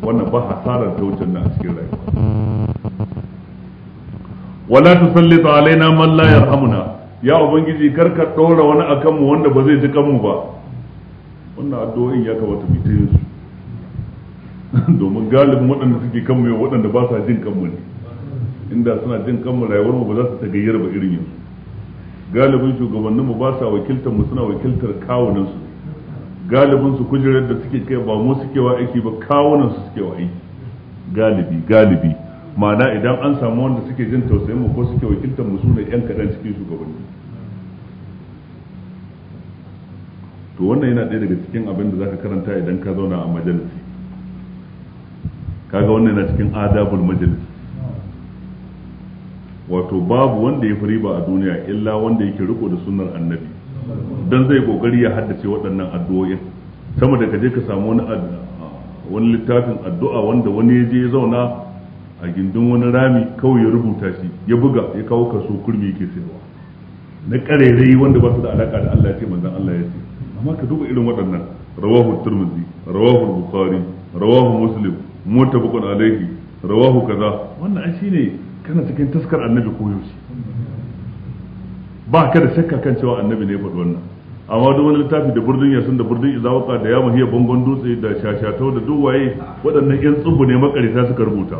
wannan ba hasarar ta wucin nan a cikin rayuwa wala tusallit alaina man la yarhamuna ya ubangiji kar ka dora wani akan mu wanda ba zai ji kanmu ba wannan addu'o'in ya kamata mu ta yin su domin galibin waɗanda suke kanmu yau waɗanda ba sa jin kanmu ne inda suna jin kanmu mu rayuwar mu ba za su tagayyar ba irin yanzu galibin shugabannin mu ba sa wakiltar mu suna wakiltar kawunan su galibin su kujerar da suke kai ba mu suke wa aiki ba kawunan su suke wa aiki galibi galibi ma'ana idan an samu wanda suke jin tausayin mu ko suke wakiltar mu sune yan kadan cikin shugabanni to wannan yana ɗaya daga cikin abin da zaka karanta idan ka zauna a majalisi kaga wannan yana cikin adabul majalis wato babu wanda ya fi riba a duniya illa wanda yake riko da sunan annabi dan zai kokari ya haddace waɗannan addu'o'in sama da kaje ka samu wani wani littafin addu'a wanda wani ya je ya zauna a gindin wani rami kawai ya rubuta shi ya buga ya kawo kaso kurmi yake sayarwa na karerai wanda ba su da alaka da Allah ya ce manzon Allah ya ce amma ka duba irin waɗannan rawahu turmizi rawahu bukhari rawahu muslim mutabaqun alaihi rawahu kaza wannan ai ne. kana cikin taskar annabi ko yaushe ba ka da shakka kan cewa annabi ne faɗi wannan amma duk wani littafi da burdun yasun da burdun izawaka da yamma, hiya bangon dutse da shashatau da duk waye waɗannan yan tsubu ne makarita suka rubuta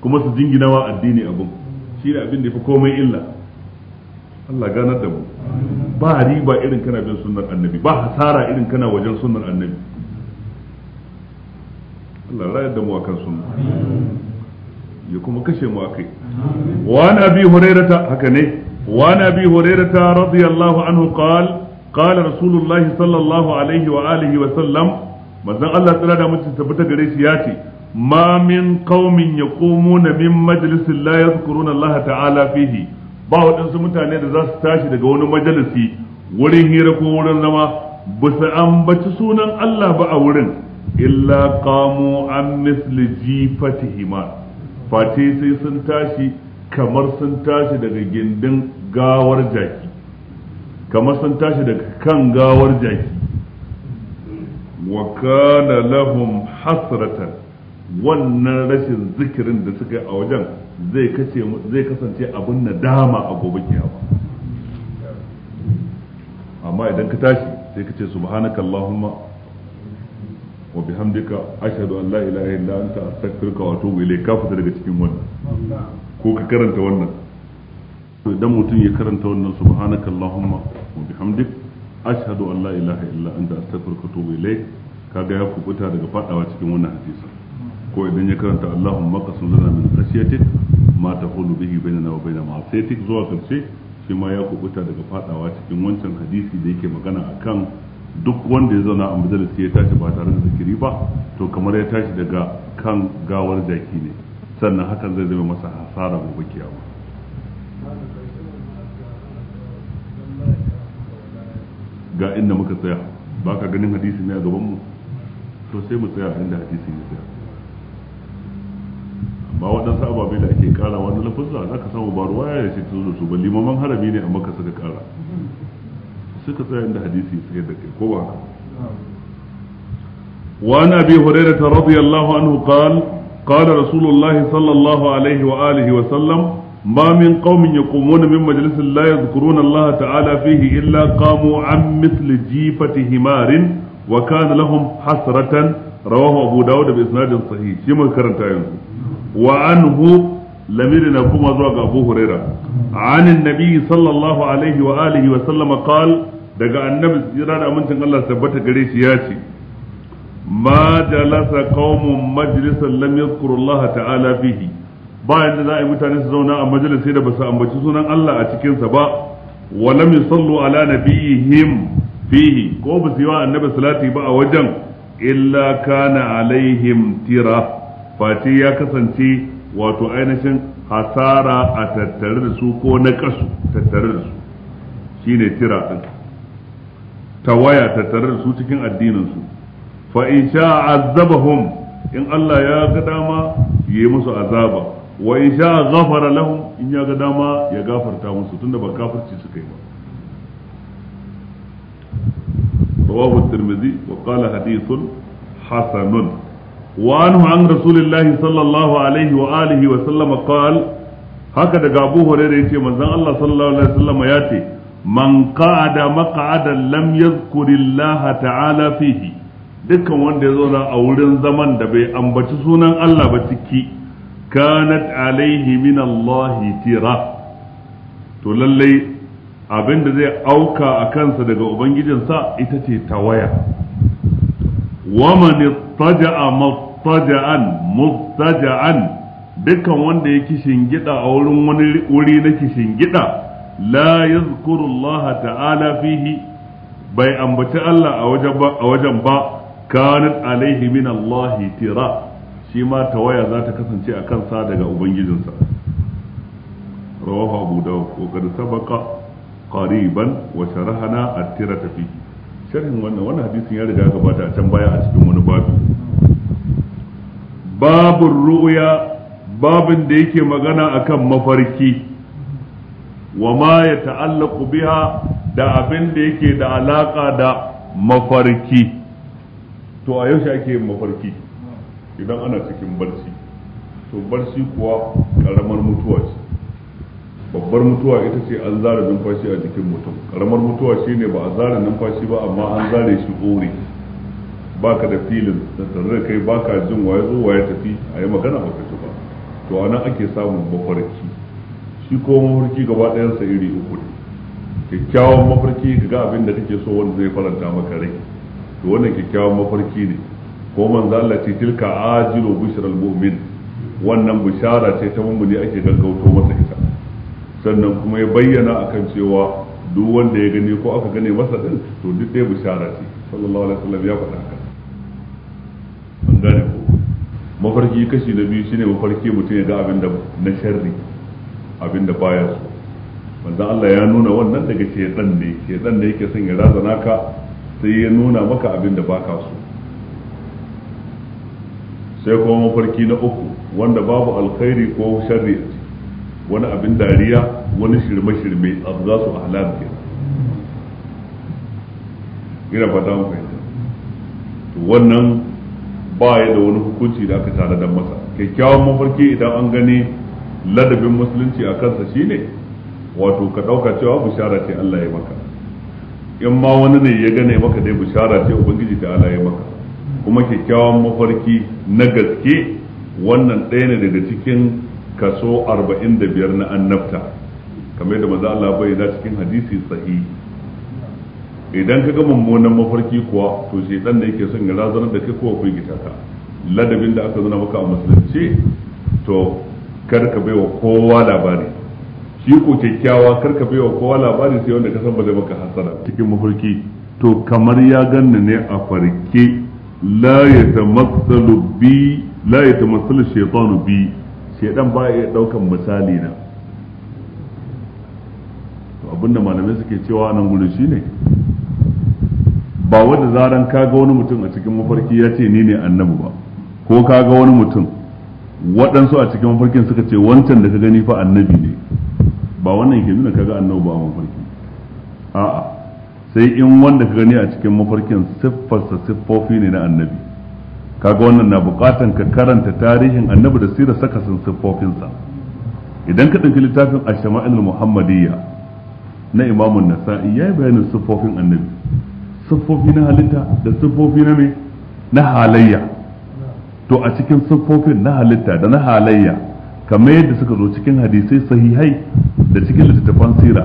kuma su jingina wa addini abin shi ne abin da fi komai illa Allah ganar da mu ba riba irin kana bin sunnar annabi ba hasara irin kana wajen sunnar annabi Allah rayar da mu akan sunna ya kuma kashe mu akai wa an abi hurairata haka ne wa abi hurairata radiyallahu anhu qala qala rasulullahi sallallahu alaihi wa alihi wa sallam manzon Allah tsira da mutum tabbata gare shi ya ce ma min qaumin yaqumuna min majlisin la yadhkuruna Allah ta'ala fihi ba waɗansu mutane da za su tashi daga wani majalisi wurin hira ko wurin zama ba su ambaci sunan Allah ba a wurin illa qamu an misli jifati himar face sai sun tashi kamar sun tashi daga gindin gawar jaki kamar sun tashi daga kan gawar jaki wa kana lahum hasratan wannan rashin zikirin da suka yi a wajen zai kasance abin nadama a gobe kiyama amma idan ka tashi sai ka ce subhanakallahumma wa bihamdika ashhadu an la ilaha illa anta astaghfiruka wa atubu ilayk ka daga cikin wannan ko ka karanta wannan to idan mutum ya karanta wannan subhanaka allahumma wa bihamdik ashhadu an la ilaha illa anta astaghfiruka wa atubu ilayk kaga ya kubuta daga fadawa cikin wannan hadisi ko idan ya karanta allahumma qasim lana min khashyatik ma tahulu bihi bainana wa bainama ma'asiyatik zuwa karshe shi ma ya kubuta daga fadawa cikin wancan hadisi da yake magana akan duk wanda ya zauna a majalisi ya tashi ba tare da zikiri ba to kamar ya tashi daga kan gawar jaki ne sannan hakan zai zama masa hasara gobe ba ga inda muka tsaya ba ka ganin hadisi ne a gabanmu to sai mu tsaya inda hadisi ya tsaya amma waɗansu ababe da ake kara wani lafisa za ka samu ba ruwa ya ce su ba limaman harami ne amma ka suka kara suka tsaya da hadisi suka da kai ko ba ka wa na bi hurairata radiyallahu anhu qal qala rasulullahi sallallahu alaihi wa alihi wa sallam ma min qaumin yaqumuna min majlisin la yadhkuruna allaha ta'ala fihi illa kamo an mithli jifati himarin wa kana lahum hasratan rawahu abu dawud bi isnadin sahih shi mun karanta yanzu wa anhu lamiri na kuma zuwa ga abu huraira عن النبي صلى الله عليه وآله وسلم قال daga annabi jira da amincin Allah tabbata gare shi ya ce ma jalasa qaumun majlisan lam yadhkuru Allah ta'ala bihi ba yanda za a yi mutane su zauna a majalisi da basu ambaci sunan Allah a cikin sa ba wa lam yusallu ala nabiyihim fihi ko ba su yi wa annabi salati ba a wajen illa kana alaihim tira fati ya kasance wato ainihin hasara a tattare da su ko na kasu tattare da su shine tira din tawaya tattare da su cikin addininsu fa in sha azabahum in Allah ya ga dama yi musu azaba wa in sha ghafara lahum in ya ga dama ya gafarta musu tunda ba kafirci suka yi ba rawahu at-tirmidhi wa qala hasanun wa anhu sallallahu alaihi wa wa sallama qala haka daga Abu Hurairah yace manzon Allah sallallahu alaihi wa sallama ya ce man qa'ada maq'adan lam yadhkurillaha ta'ala fihi dukkan wanda ya zauna a wurin zaman da bai ambaci sunan Allah ba ciki kanat alaihi min Allah tira to lallai abin da zai auka a kansa daga ubangijinsa ita ce tawaya wa man ittaja'a mustaja'an mustaja'an dukkan wanda ya kishin gida a wurin wani wuri na kishin gida la yadhkuru Allah ta'ala fihi bai ambaci Allah a wajen ba a wajen ba kanat alaihi min Allah tira shi ma tawaya za ta kasance a kansa daga ubangijinsa rawahu abu dawud wa qad sabaqa qariban wa sharahana at-tirata fi sharhin wannan wannan hadisin ya riga ya gabata a can baya a cikin wani babu babur ru'ya babin da yake magana akan mafarki wa ma ya ta'allaku biya da abin da yake da alaƙa da mafarki to a yaushe ake mafarki idan ana cikin barci to barci kuwa ƙaramar mutuwa ce babbar mutuwa ita ce an zara numfashi a jikin mutum ƙaramar mutuwa ne ba a zara numfashi ba amma an zare shi ƙore baka da filin da tare da kai baka jin waye zo waye tafi a yi magana ba to anan ake samun mafarki shi ko mafarki gaba sa iri uku ne kyakkyawan mafarki ka ga abin da kake so wanda zai faranta maka rai to wannan kyakkyawan mafarki ne ko manzo Allah ce tilka ajilu bushral mu'min wannan bishara ce ta mummuni ake gaggauto masa ita sannan kuma ya bayyana akan cewa duk wanda ya gani ko aka gane masa din to duk dai bishara ce sallallahu alaihi wasallam ya faɗa haka an gane ko mafarki kashi na biyu shine mafarki mutum ya ga abin da na sharri da baya so wanda Allah ya nuna wannan daga shedan ne shedan ne yake son ya razana ka sai ya nuna maka abin da baka so sai kuma mafarki na uku wanda babu alkhairi ko sharri wani abin dariya wani shirme-shirme abu za su halar ke ina fata mu fahimta wannan ba ya da wani hukunci da aka tare da masa kyakkyawan mafarki idan an gani ladabin musulunci a kansa shine wato ka ɗauka cewa bishara ce Allah ya maka in ma wani ne ya gane maka dai bishara ce ubangiji ta Allah ya maka kuma kyakkyawan mafarki na gaske wannan ɗaya ne daga cikin kaso arba'in 45 na annabta kamar yadda maza Allah bai da cikin hadisi sahi idan ka ga mummunan mafarki kuwa to dan da yake son ya razanar da kai ko ku gita ka ladabin da aka zana maka a musulunci to kar ka baiwa kowa labari shi ko kyakkyawa kar ka baiwa kowa labari sai wanda ka san ba zai maka hasara cikin mafarki to kamar ya ganna ne a farke la yatamassalu bi la yatamassalu shaytanu bi shaydan ba ya daukan misali na to abinda malamai suke cewa nan gurin shine ba wanda zaran kaga wani mutum a cikin mafarki ya ce ni ne annabi ba ko kaga wani mutum waɗansu a cikin mafarkin suka ce wancan da ka gani fa annabi ne ba wannan ke nuna kaga annabi ba mafarki a'a sai in wanda ka gani a cikin mafarkin siffarsa siffofi ne na annabi kaga wannan na bukatan ka karanta tarihin annabi da sirar sun siffofinsa idan ka ɗauki littafin ashama'il muhammadiyya na imamun nasa'i ya yi bayanin siffofin annabi siffofi na halitta da siffofi na me na halayya to a cikin siffofin na halitta da na halayya kamar yadda suka zo cikin hadisai sahihai da cikin littattafan sira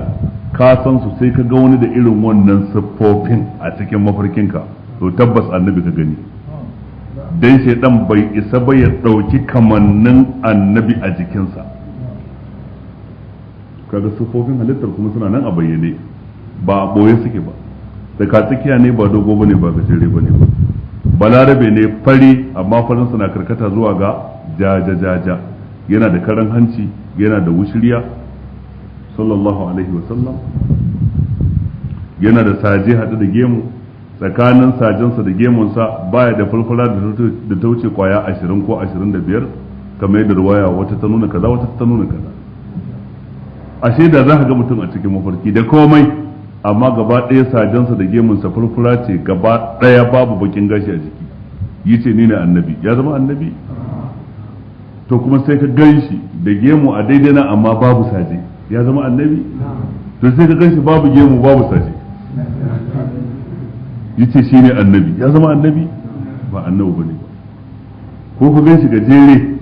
ka san su sai ka ga wani da irin wannan siffofin a cikin mafarkinka to tabbas annabi ka gani dan shaidan bai isa ba ya dauki kamannin annabi a jikinsa kaga siffofin halittar kuma suna nan a bayyane ba a boye suke ba da ka ne ba dogo bane ba gajere bane ba balarabe ne fari amma farin na karkata zuwa ga jajajaja yana da karan hanci yana da wushiriya, sallallahu alaihi wasallam yana da saje hadu da gemu tsakanin sajensa da gemunsa baya da fulfula da ta wuce kwaya ashirin ko ashirin da biyar kamar yadda ruwaya wata ta nuna kaza wata ta nuna kaza ashe da za ka ga mutum a cikin mafarki da komai amma gaba ɗaya sajensa da gemunsa furfura ce gaba ɗaya babu bakin gashi a jiki yi ce ni ne annabi ya zama annabi to kuma sai ka gan shi da gemu a daidai na amma babu saje ya zama annabi to sai ka gan shi babu gemu babu saje yi ce shi ne annabi ya zama annabi ba annabi ba ne ba ko ka gan shi gajere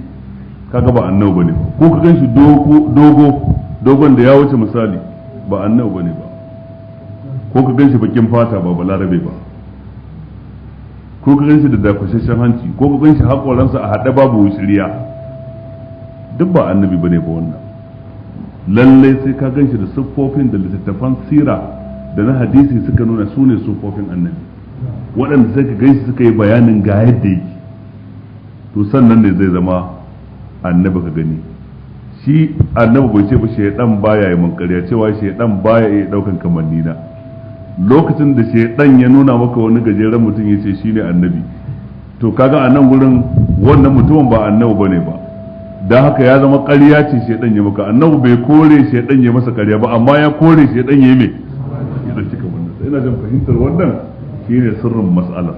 kaga ba annabi ba ne ba ko ka gan shi dogo dogon da ya wuce misali ba annabi ba ne ba ko ka ganshi bakin fata ba balarabe ba ko ka ganshi da dakushashen hanci ko ka ganshi haƙoransa a haɗe babu wushiriya duk ba annabi bane ba wannan lallai sai ka ganshi da siffofin da littattafan sira da na hadisi suka nuna su ne siffofin annabi waɗanda sai ka ganshi suka yi bayanin ga yadda yake to sannan ne zai zama annabi ka gani shi annabi bai ce ba shaidan baya yi mun cewa shaidan baya yi ɗaukan kamanni na lokacin da dan ya nuna maka wani gajeren mutum ya ce shine annabi to kaga a nan gurin wannan mutumin ba annabi bane ba don haka ya zama ƙarya ce dan ya maka annabi bai kore dan ya masa ƙarya ba amma ya kore dan ya yi mai ina jin fahimtar wannan shine sirrin mas'alar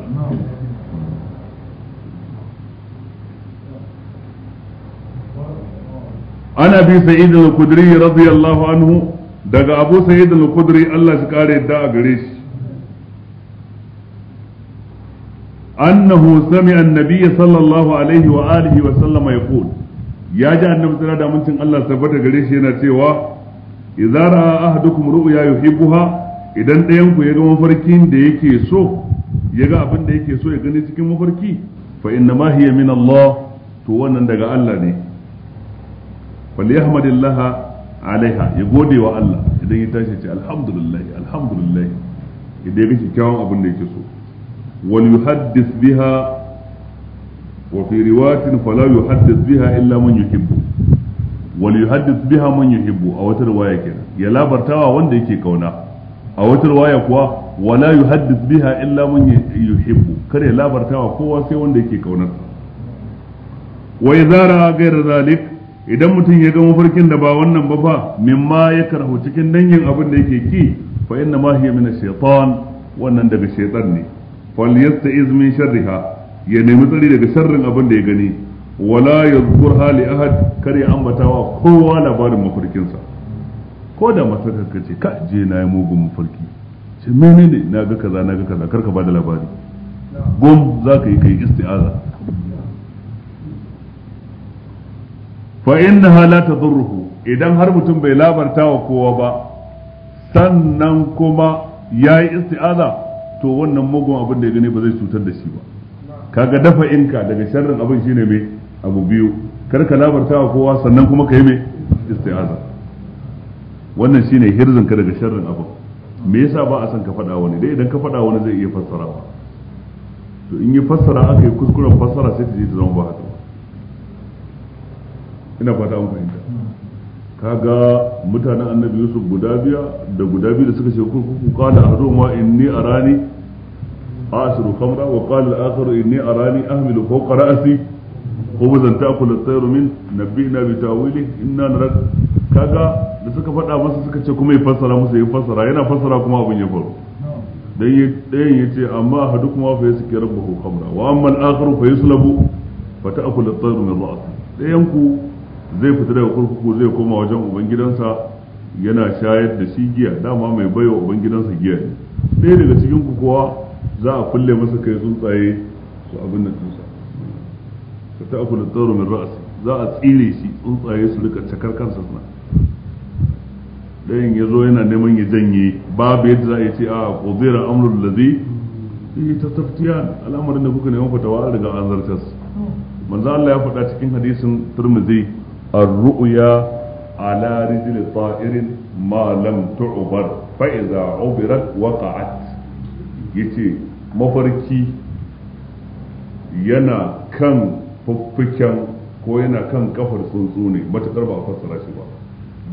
عن ابي سعيد الخدري رضي الله عنه daga abu sai da khudri Allah shi kare yadda a gare shi annahu sami an sallallahu alaihi wa alihi wa sallama ya ji annabi tsira da mincin Allah tabbata gare shi yana cewa idza ra'a ahadukum ru'ya yuhibbuha idan ɗayan ku ya ga mafarkin da yake so ya ga abin da yake so ya gani cikin mafarki fa inna ma hiya min Allah to wannan daga Allah ne falyahmadillah alaiha ya gode wa Allah idan ya tashi ce alhamdulillah alhamdulillah idan ya ga kyakkyawan abin da yake so wal yuhaddis biha wa fi riwayatin fala yuhaddis biha illa man yuhibbu wal yuhaddis biha man yuhibbu a wata riwaya kenan ya labartawa wanda yake kauna a wata riwaya kuwa wala yuhaddis biha illa man yuhibbu kare labartawa kowa sai wanda yake kaunarsa wa idza ra'a ghayra zalik idan mutum ya ga mafarkin da ba wannan ba fa mimma ya karhu cikin dangin abin da yake ki fa inna ma hiya min shaytan wannan daga shaytan ne fal yasta'iz min sharriha ya nemi tsari daga sharrin abin da ya gani wala yadhkurha li ahad kar ya ambata kowa labarin mafarkinsa ko da masaka kace ka je na yi mugun mafarki ce menene na ga kaza na ga kaza kar ka da labari gom za ka yi kai isti'aza fa innaha la tadurruhu idan har mutum bai labarta wa kowa ba sannan kuma ya isti'aza to wannan mugun abin da ya gani ba zai cutar da shi ba kaga dafa inka daga sharrin abin shine mai abu biyu kar ka labarta wa kowa sannan kuma ka yi mai isti'aza wannan shine hirzin ka daga sharrin abin me yasa ba a san ka faɗa wani dai idan ka faɗa wani zai iya fassara to in yi fassara aka yi kuskuren fassara sai ta je ta zama ba haka ina fata an fahimta kaga mutanen annabi yusuf guda biya da guda biyu da suka ce kurkuku qala ma inni arani asiru khamra wa qala al-akhar inni arani ahmilu fawqa ra'si khubzan ta'kul at tsayar min na bi ta'wili inna narak kaga da suka faɗa masa suka ce kuma ya fassara musu ya fassara yana fassara kuma abin ya faru dan ɗayan ya ce amma hadu kuma fa ya suke ko kamra wa amma al-akhar fa yuslabu fa ta'kul tsayar min ra'si ɗayan ku zai fita daga kurkuku zai koma wajen ubangidansa yana shayar da shi giya dama mai baiwa ubangidansa giya ne ɗaya daga cikin ku kuwa za a kulle masa kai tsuntsaye su abin da tusa ka ta da tsaro min ra'asi za a tsire shi tsuntsaye su rika cakar kansa suna ɗayan ya zo yana neman ya janye babu yadda za a yi ce a amurin da zai. yi ta taftiya al'amarin da kuka neman fatawa daga an zartas hmm. manzo Allah ya faɗa cikin hadisin turmizi الرؤيا على رجل طائر ما لم تعبر فإذا عبرت وقعت يتي مفركي ينا كم ففكم ko yana kan kafar tsuntsu ne matakar ba a fassara shi ba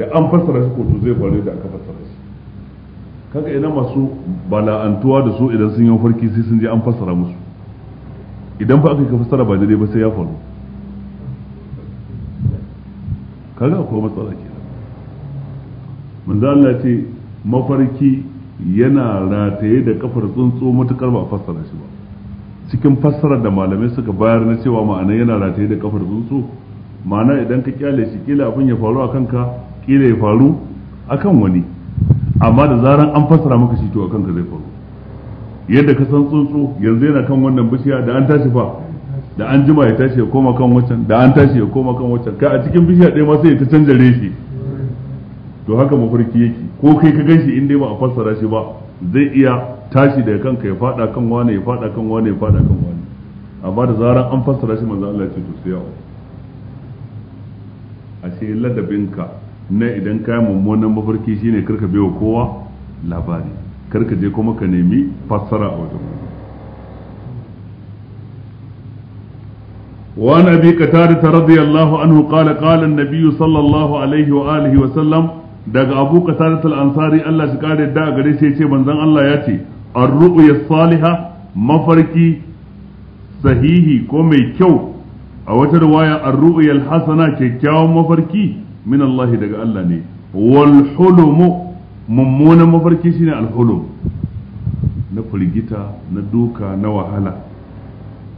da an fassara shi kotu to zai faru da aka fassara shi kaga ina masu bala'antuwa da su idan sun yi farki sai sun je an fassara musu idan ba aka yi fassara ba daidai ba sai ya faru kaga akwai matsala ke manzo Allah ce mafarki yana rataye da kafar tsuntsu matukar ba fassara shi ba cikin fassarar da malamai suka bayar na cewa ma'ana yana rataye da kafar tsuntsu ma'ana idan ka kyale shi kila abin ya faru a kanka kila ya faru akan wani amma da zaran an fassara maka shi to akan ka zai faru yadda ka san tsuntsu yanzu yana kan wannan bishiya da an tashi fa da an jima ya tashi ya koma kan wancan da an tashi ya koma kan wancan kai a cikin bishiya ɗaya ma sai ta canza reshe to haka mafarki yake ko kai ka ganshi in dai ba a fassara shi ba zai iya tashi daga kanka ya fada kan wani ya fada kan wani ya fada kan wani amma da zaran an fassara shi manzo Allah ce to sai yawo ashe ladabinka na idan ka yi mummunan mafarki shine karka bewa kowa labari karka je kuma ka nemi fassara a wajen وعن أبي قتادة رضي الله عنه قال قال النبي صلى الله عليه وآله وسلم daga abu qatada al-ansari Allah shi yadda da gare shi yace manzon Allah ya ce ar-ru'ya salihah mafarki sahihi ko mai kyau a wata riwaya ar-ru'ya al-hasana kyakkyawan mafarki min Allah daga Allah ne wal hulum mummunan mafarki shine al na firgita, na duka na wahala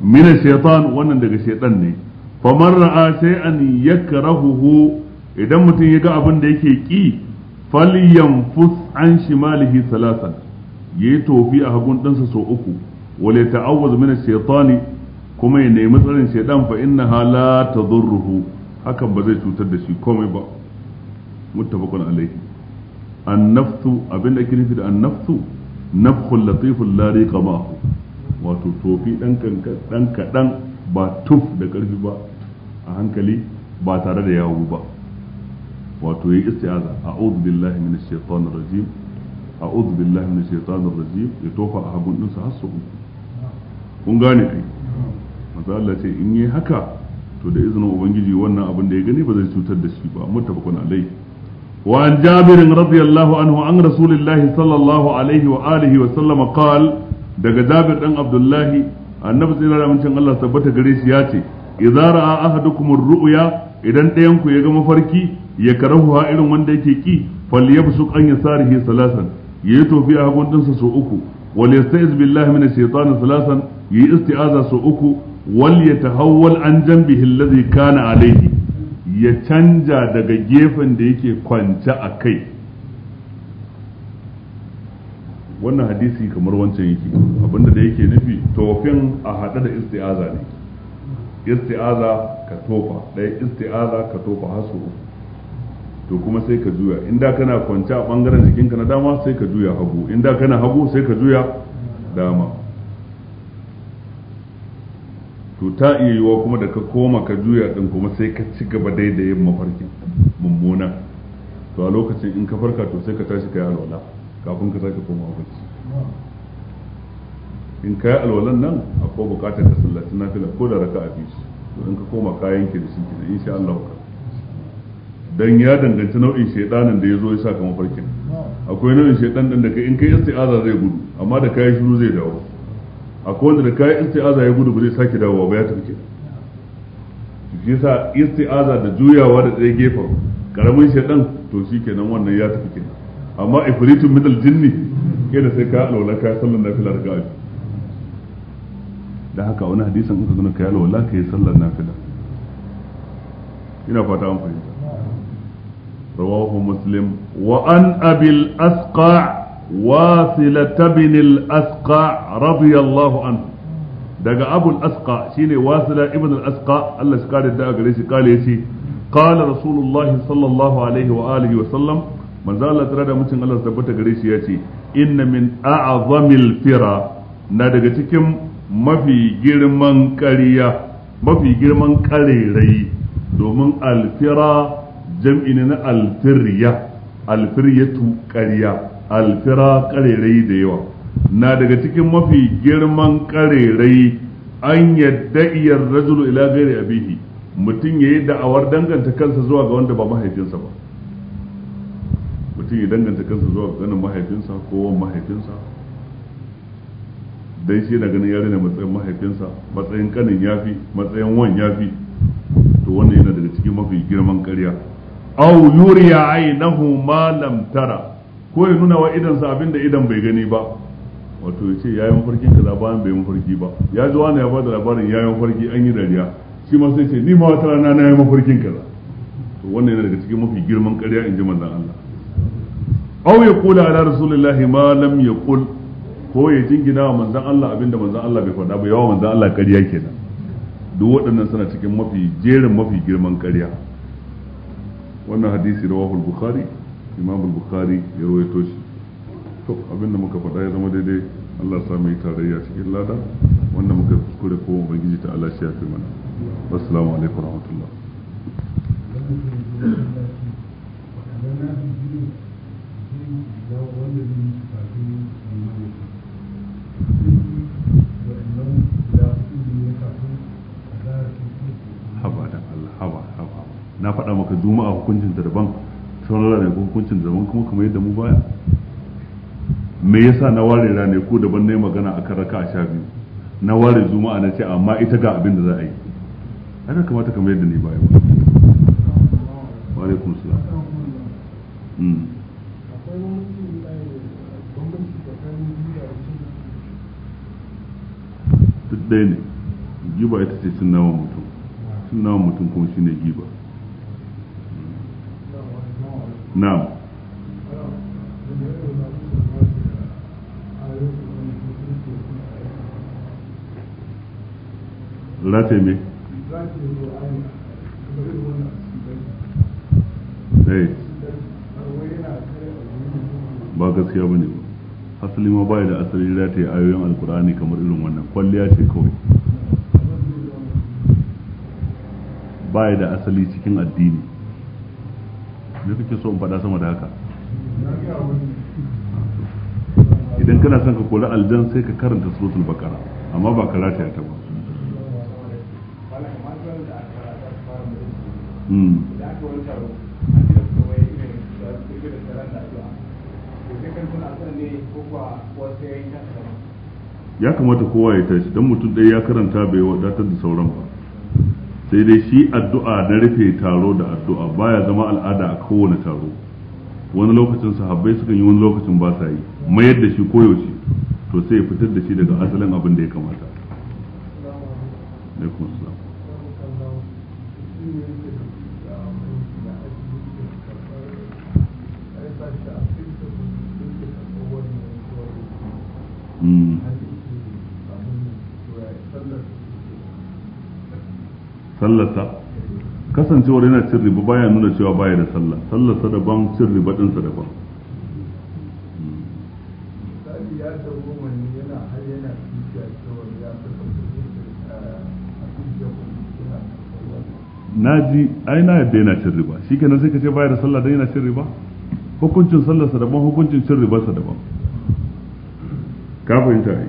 Mina shaitan wannan daga shaitan ne faman ra'a shay'an yakrahuhu idan mutum ya ga abin da yake ki falyanfus an shimalihi salasan yayi tofi a hagun ɗansa sau uku wale ta'awwaz mina shaitani kuma ya nemi tsarin shaitan fa innaha la tadurruhu hakan ba zai cutar da shi komai ba muttafaqun alaihi an-nafsu abinda ake nufi da an-nafsu nafkhul latiful la riqa ma'ahu wato tofi ɗan kaɗan ba tuf da ƙarfi ba a hankali ba tare da yawo ba wato yi isti'aza a'udhu billahi minash shaitanir rajim a'udhu billahi minash shaitanir rajim ya tofa a hagun ɗinsa har su kun gane ai manzo Allah ce in yi haka to da izinin ubangiji wannan abin da ya gani ba zai cutar da shi ba muttafaqun alai wa an jabir radiyallahu anhu an rasulillahi sallallahu alaihi wa alihi wa sallama qala daga Jabir dan Abdullahi annabi sai da amincin Allah tabbata gare shi ya ce idza ra'a ahadukum ar-ru'ya idan ɗayan ku ya ga mafarki ya karahu ha irin wanda yake ki falyabsuq an yasarihi salasan yayi tofi a hagun dinsa so uku wal yastaiz billahi minash shaitani salasan yayi isti'aza so uku wal yatahawwal an janbihi alladhi kana alayhi ya canja daga gefen da yake kwance a kai wannan hadisi kamar wancan yake abinda da yake nufi tofin a haɗe da isti'aza ne isti'aza ka tofa ɗaya isti'aza ka tofa hasu to kuma sai ka juya inda kana kwance a bangaren jikinka na dama sai ka juya hagu inda kana hagu sai ka juya dama to ta iya yiwa kuma da ka koma ka juya din kuma sai ka ci gaba dai da yin mafarkin mummuna to a lokacin in ka farka to sai ka tashi ka yi alwala kafin ka sake koma bacci in ka yi alwalan nan akwai bukatar ka sallaci fila ko da a biyu to in ka koma kayan ki da shi ki insha Allah ka dan ya danganci nau'in shedanin da ya zo ya sa ka mafarkin akwai nau'in shedan din da kai in kai isti'aza zai gudu amma da kai shiru zai dawo akwai wanda da kai isti'aza ya gudu ba zai sake dawowa ba ya tafi kenan shi yasa isti'aza da juyawa da tsaye gefen karamin shedan to shikenan wannan ya tafi kenan amma ifritun min aljinni kila sai ka alwala ka sallan nafila raka'a da haka wani hadisin in ka zo ka alwala ka yi sallan nafila ina fata an fahimta rawahu muslim wa an abil asqa واصلة بن الأسقع رضي الله عنه دقى أبو الأسقع شيني واصلة ابن الأسقع الله شكال gare shi قال يشي قال رسول الله صلى الله عليه وآله وسلم manzo Allah tare da mutum Allah tabbata gare shi ya ce inna min a'zamil fira na daga cikin mafi girman ƙarya mafi girman ƙarerai domin alfira jam'i na alfirya alfiryatu ƙarya alfira ƙarerai da yawa na daga cikin mafi girman ƙarerai an yadda iyar rajulu ila gairi abihi mutum yayi da'awar danganta kansa zuwa ga wanda ba mahaifinsa ba mutum ya danganta kansa zuwa ganin mahaifinsa ko wani mahaifinsa dai shi na ganin yare ne matsayin mahaifinsa matsayin kanin yafi matsayin wan yafi to wannan yana daga cikin mafi girman karya au yuriya ainahu ma lam tara ko ya nuna wa idansa abinda idan bai gani ba wato ya ce ya yi mafarki kaza bayan bai mafarki ba ya ji wani ya ba da labarin ya yi mafarki an yi dariya shi ma sai ce ni ma wata rana na yi mafarkin kaza to wannan yana daga cikin mafi girman karya in ji manzon Allah aw ya kula ala rasulillahi ma lam yaqul ko ya jingina wa manzon Allah abinda manzon Allah bai faɗa ba yawa manzon Allah ƙarya nan duk waɗannan suna cikin mafi jerin mafi girman ƙarya wannan hadisi rawahu al-bukhari imam bukhari ya rawaito shi to abinda muka faɗa ya zama daidai Allah ya samu tarayya cikin lada wanda muka kuskure ko ubangiji ta Allah shi ya fi mana assalamu alaikum wa rahmatullah na faɗa maka juma'a hukuncin ta daban sauran ko hukuncin daban kuma kamar yadda mu baya me yasa na ware rane ko daban na yi magana akan raka a sha biyu na ware juma'a na ce amma ita ga abin da za a yi ana kamata kamar yadda ni baya ba wa alaikum salam hmm. ɗaya ne giba ita ce sun naman mutum Sun naman mutum kuma shi ne giba na'am rataye me? Eh. ba gaskiya ba ne ba asali ma bai da asali za ta yi ayoyin alkur'ani kamar irin wannan kwalliya ce kawai bai da asali cikin addini me kake so in faɗa sama da haka idan kana son ka kula aljan sai ka karanta suratul baqara amma ba karata ta ba hmm ya kamata kowa ya tashi don mutum ɗaya ya karanta bai wadatar da sauran ba sai dai shi addu'a na rufe taro da addu'a baya zama al'ada a kowane taro wani lokacin sahabbai sukan yi wani lokacin ba sa yi mayar da shi koyaushe to sai ya fitar da shi daga asalin abin da ya kamata sallasa kasancewar yana cin riba baya nuna cewa baya da sallah sallasa daban cin riba ɗinsa daban na ji ai na yadda yana cin riba shi kenan sai ka ce baya da sallah don yana cin riba hukuncin sallarsa daban hukuncin cin ribarsa daban ka fahimta yi.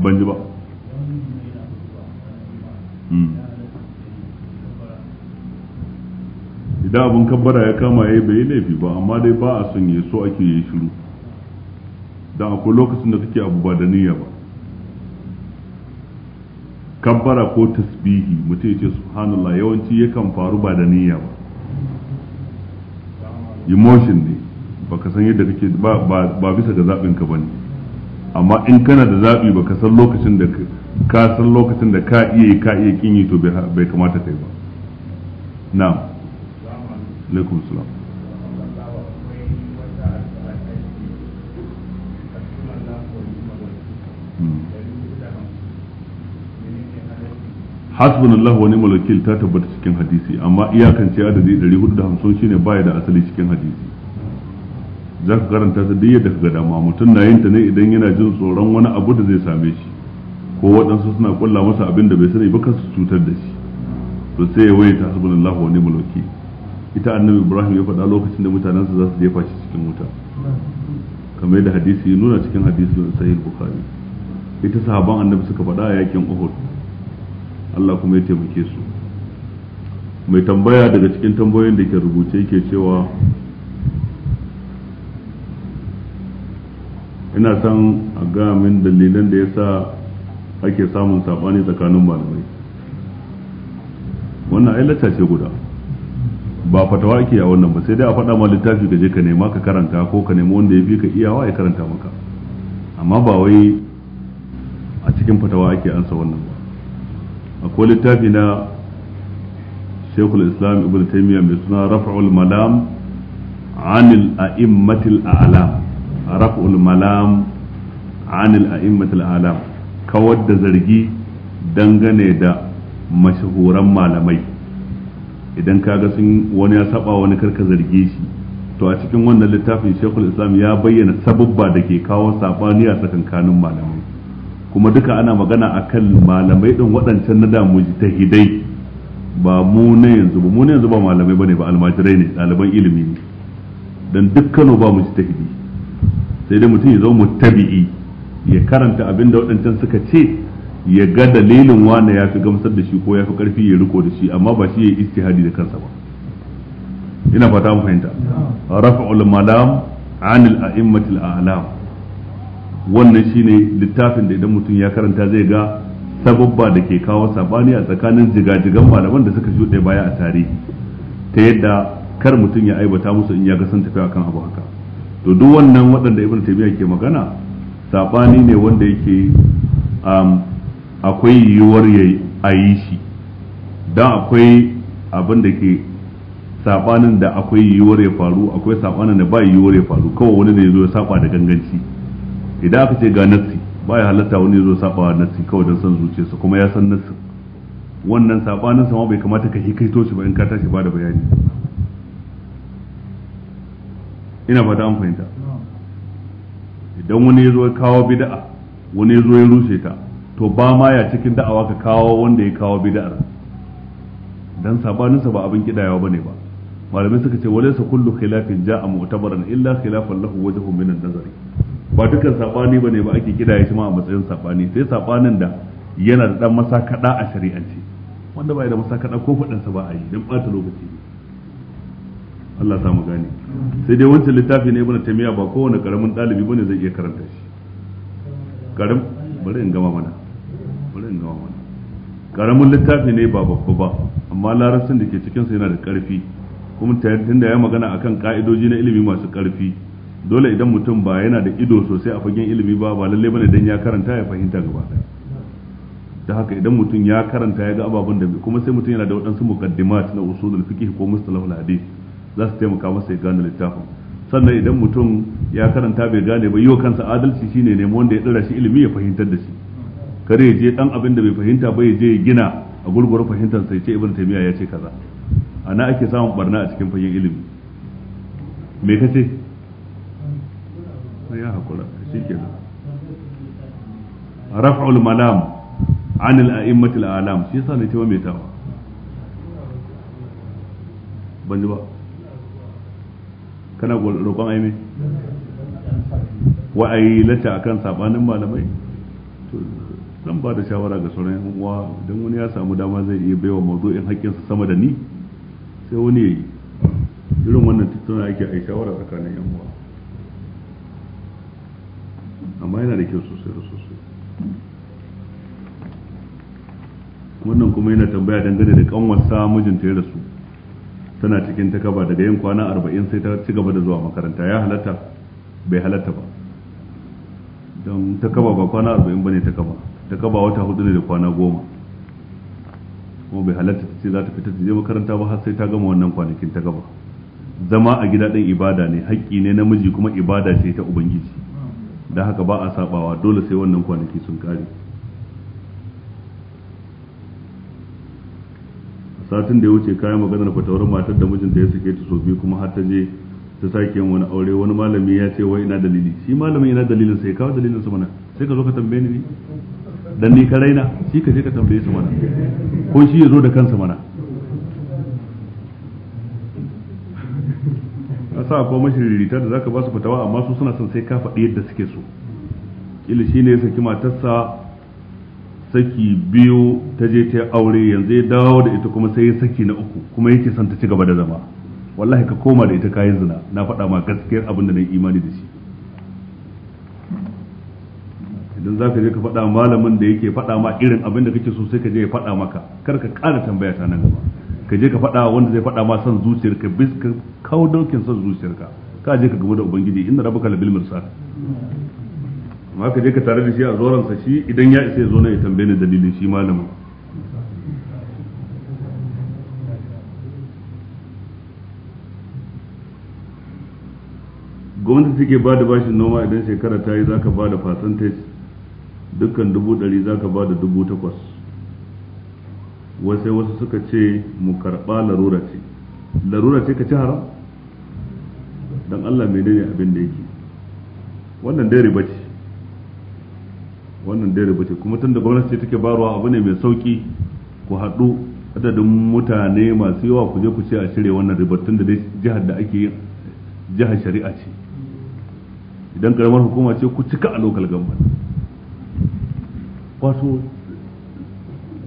ban ji ba hmm. idan abin kabbara ya kama ya bai yi laifi ba amma dai ba a son ya so ake yi shiru don akwai lokacin da kake abu ba da niyya ba kabbara ko tasbihi mutum ya ce subhanallah yawanci yakan faru ba da niyya ba emotion ne baka san yadda kake ba bisa ga zaɓin ka bane amma in kana da zabi ka san lokacin da ka san lokacin da ka iya ka iya kinyi to bai kamata kai ba na alaikum salam hasbunallahu wa ni'mal wakil ta tabbata cikin hadisi amma iyakance adadi 450 shine baya da asali cikin hadisi za ka karanta ta duk yadda ka ga dama mutum na yin ta ne idan yana jin tsoron wani abu da zai same shi ko waɗansu suna kulla masa abin da bai sani ba kan su cutar da shi to sai ya waye ta hasbunallahu wa ni'mal wakil ita annabi ibrahim ya faɗa lokacin da mutanensa za su jefa shi cikin wuta kamar yadda hadisi nuna cikin hadisi sahih bukhari ita sahaban annabi suka faɗa a yakin uhud Allah kuma ya taimake su mai tambaya daga cikin tambayoyin da ke rubuce ke cewa ina son a gaya min dalilan da ya sa ake samun saɓani tsakanin malamai wannan ailata ce guda ba fatawa ake a wannan ba sai dai a faɗa ma littafi ka je ka nema ka karanta ko ka nemi wanda ya fi ka iyawa ya karanta maka amma ba wai a cikin fatawa ake ansa wannan ba akwai littafi na shekul islam ibn taimiyya mai suna raf'ul malam anil a'immatil a'lam raf'ul malam anil a'immatil a'lam kawar da zargi dangane da mashahuran malamai idan ka ga sun wani ya saba wani karka zarge shi to a cikin wannan littafin shekul islam ya bayyana sabubba da ke kawo sabani a tsakankanin malamai kuma duka ana magana akan malamai din waɗancan na da hidai ba mu na yanzu ba mu na yanzu ba malamai ne ba almajirai ne ɗaliban ilimi ne dan dukkanu ba hidai sai dai mutum ya zama muttabi'i ya karanta abin da waɗancan suka ce ya ga dalilin wane ya fi gamsar da shi ko ya fi ƙarfi ya riko da shi amma ba shi ya yi istihadi da kansa ba ina fata mu fahimta rafa'ul malam anil a'immatil a'lam wannan shine littafin da idan mutum ya karanta zai ga sababba da ke kawo sabani a tsakanin jigajigan malaman da suka shuɗe baya a tarihi ta yadda kar mutum ya aibata musu in ya ga sun tafi akan abu haka to duk wannan waɗanda ibn taymiya ke magana sabani ne wanda yake um, akwai yiwuwar ya a yi shi don akwai abin da ke sabanin da akwai yiwuwar ya faru akwai sabanin da ba yiwuwar ya faru kawai wani ne ya zo ya saba da ganganci idan aka ce ga nassi ba ya halatta wani zo wa nassi kawai don son zuciyarsa kuma ya san nassi wannan sabanin sama bai kamata ka hikaito shi ba in ka tashi ba da bayani ina ba an fahimta idan wani ya zo ya kawo bida'a, wani ya zo ya rushe ta to ba ma ya cikin da'awa ka kawo wanda ya kawo bida'ar? dan sabaninsa ba abin kidayawa bane ba malamai suka ce walaysa kullu khilafin ja'a mu'tabaran illa khilafan lahu wajen min an-nazari ba dukan sabani bane ba ake kira shi ma a matsayin sabani sai sabanin da yana da dan masakada a shari'ance wanda bai da masakada ko sa ba a yi dan bata lokaci ne Allah mu gane sai dai wancan littafi ne ibn tamiya ba kowane karamin dalibi bane zai iya karanta shi karam bari in gama mana bari in gama mana karamin littafi ne ba babba ba amma larabcin da ke cikin sa yana da karfi kuma da ya magana akan ka'idoji na ilimi masu karfi dole idan mutum ba yana da ido sosai a fagen ilimi ba ba lalle bane dan ya karanta ya fahimta gaba daya da haka idan mutum ya karanta ya ga ababen da kuma sai mutum yana da waɗansu muqaddimat na usulul fiqh ko mustalahul hadith za su taimaka masa ya gane littafin sannan idan mutum ya karanta bai gane ba yiwa kansa adalci shine ne wanda ya dira shi ilimi ya fahimtar da shi kare ya je dan abin da bai fahimta ba ya je ya gina a gurgurar fahimtar sai ce ibn taymiya ya ce kaza ana ake samun barna a cikin fagen ilimi me kace sai ya hakura shi ke raf'ul malam an al'a'immat al'alam shi yasa ne cewa mai tawa ban ji ba kana roƙon aimi wa a yi lacca akan sabanin malamai zan ba da shawara ga sauran yan uwa don wani ya samu dama zai iya baiwa mazo'in haƙƙinsa sama da ni sai wani ya yi irin wannan tattauna ake a shawara tsakanin yan uwa amma yana da kyau sosai da sosai wannan kuma yana tambaya dangane da kanwarsa mijinta ya rasu tana cikin ta kaba daga yin kwana arba'in sai ta ci gaba da zuwa makaranta ya halatta bai halatta ba don ta kaba ba kwana arba'in ba ne ta kaba ta kaba wata hudu ne da kwana goma kuma bai halatta ta ce za ta fita ta je makaranta ba har sai ta gama wannan kwanakin ta gaba zama a gida ɗin ibada ne haƙƙi ne namiji kuma ibada ce ta ubangiji da haka ba a sabawa dole sai wannan kwanaki sun kare satin da ya wuce kayan maganar fatawar matar da mijinta ya sake ta so biyu kuma har ta je ta sake yin wani aure wani malami ya ce wai ina dalili shi malamin ina dalilin sai kawo dalilin su mana sai ka zo ka tambaye ni dan ni ka raina shi ka je ka tambaye su mana ko shi ya zo da kansa mana sa ko mashiririta da zaka ba su fatawa amma su suna son sai ka faɗi yadda suke so kila shine ya saki matarsa saki biyu ta je ta aure yanzu ya dawo da ita kuma sai ya saki na uku kuma yake son ta ci gaba da zama wallahi ka koma da ita kayan zina na faɗa ma gaskiyar abin da na imani da shi idan za ka je ka faɗa malamin da yake faɗa ma irin abin da kake so sai ka je ya faɗa maka kar ka ƙara tambaya ta nan gaba ka je ka faɗa wanda zai faɗa ma son zuciyarka bis ka kawo daukin son zuciyarka ka je ka gaba da ubangiji inna rabbaka labil mursal amma ka je ka tare da shi a sa shi idan ya isa ya zo na ya tambaye ni dalilin shi malamin gwamnati take ba da bashin noma idan shekara ta yi za ka ba da fasantes dukkan dubu ɗari za ka ba da dubu takwas wasai wasu suka ce mu karɓa larura ce larura ce ka ci haram don Allah menene abin da yake wannan dai riba ce wannan dai riba ce kuma tunda gwamnati ce take barwa abu ne mai sauki ku haɗu adadin mutane masu yawa ku je ku ce a cire wannan tun da jihar da ake jihar shari'a ce idan karamar hukuma ce ku cika a lokal gamban wato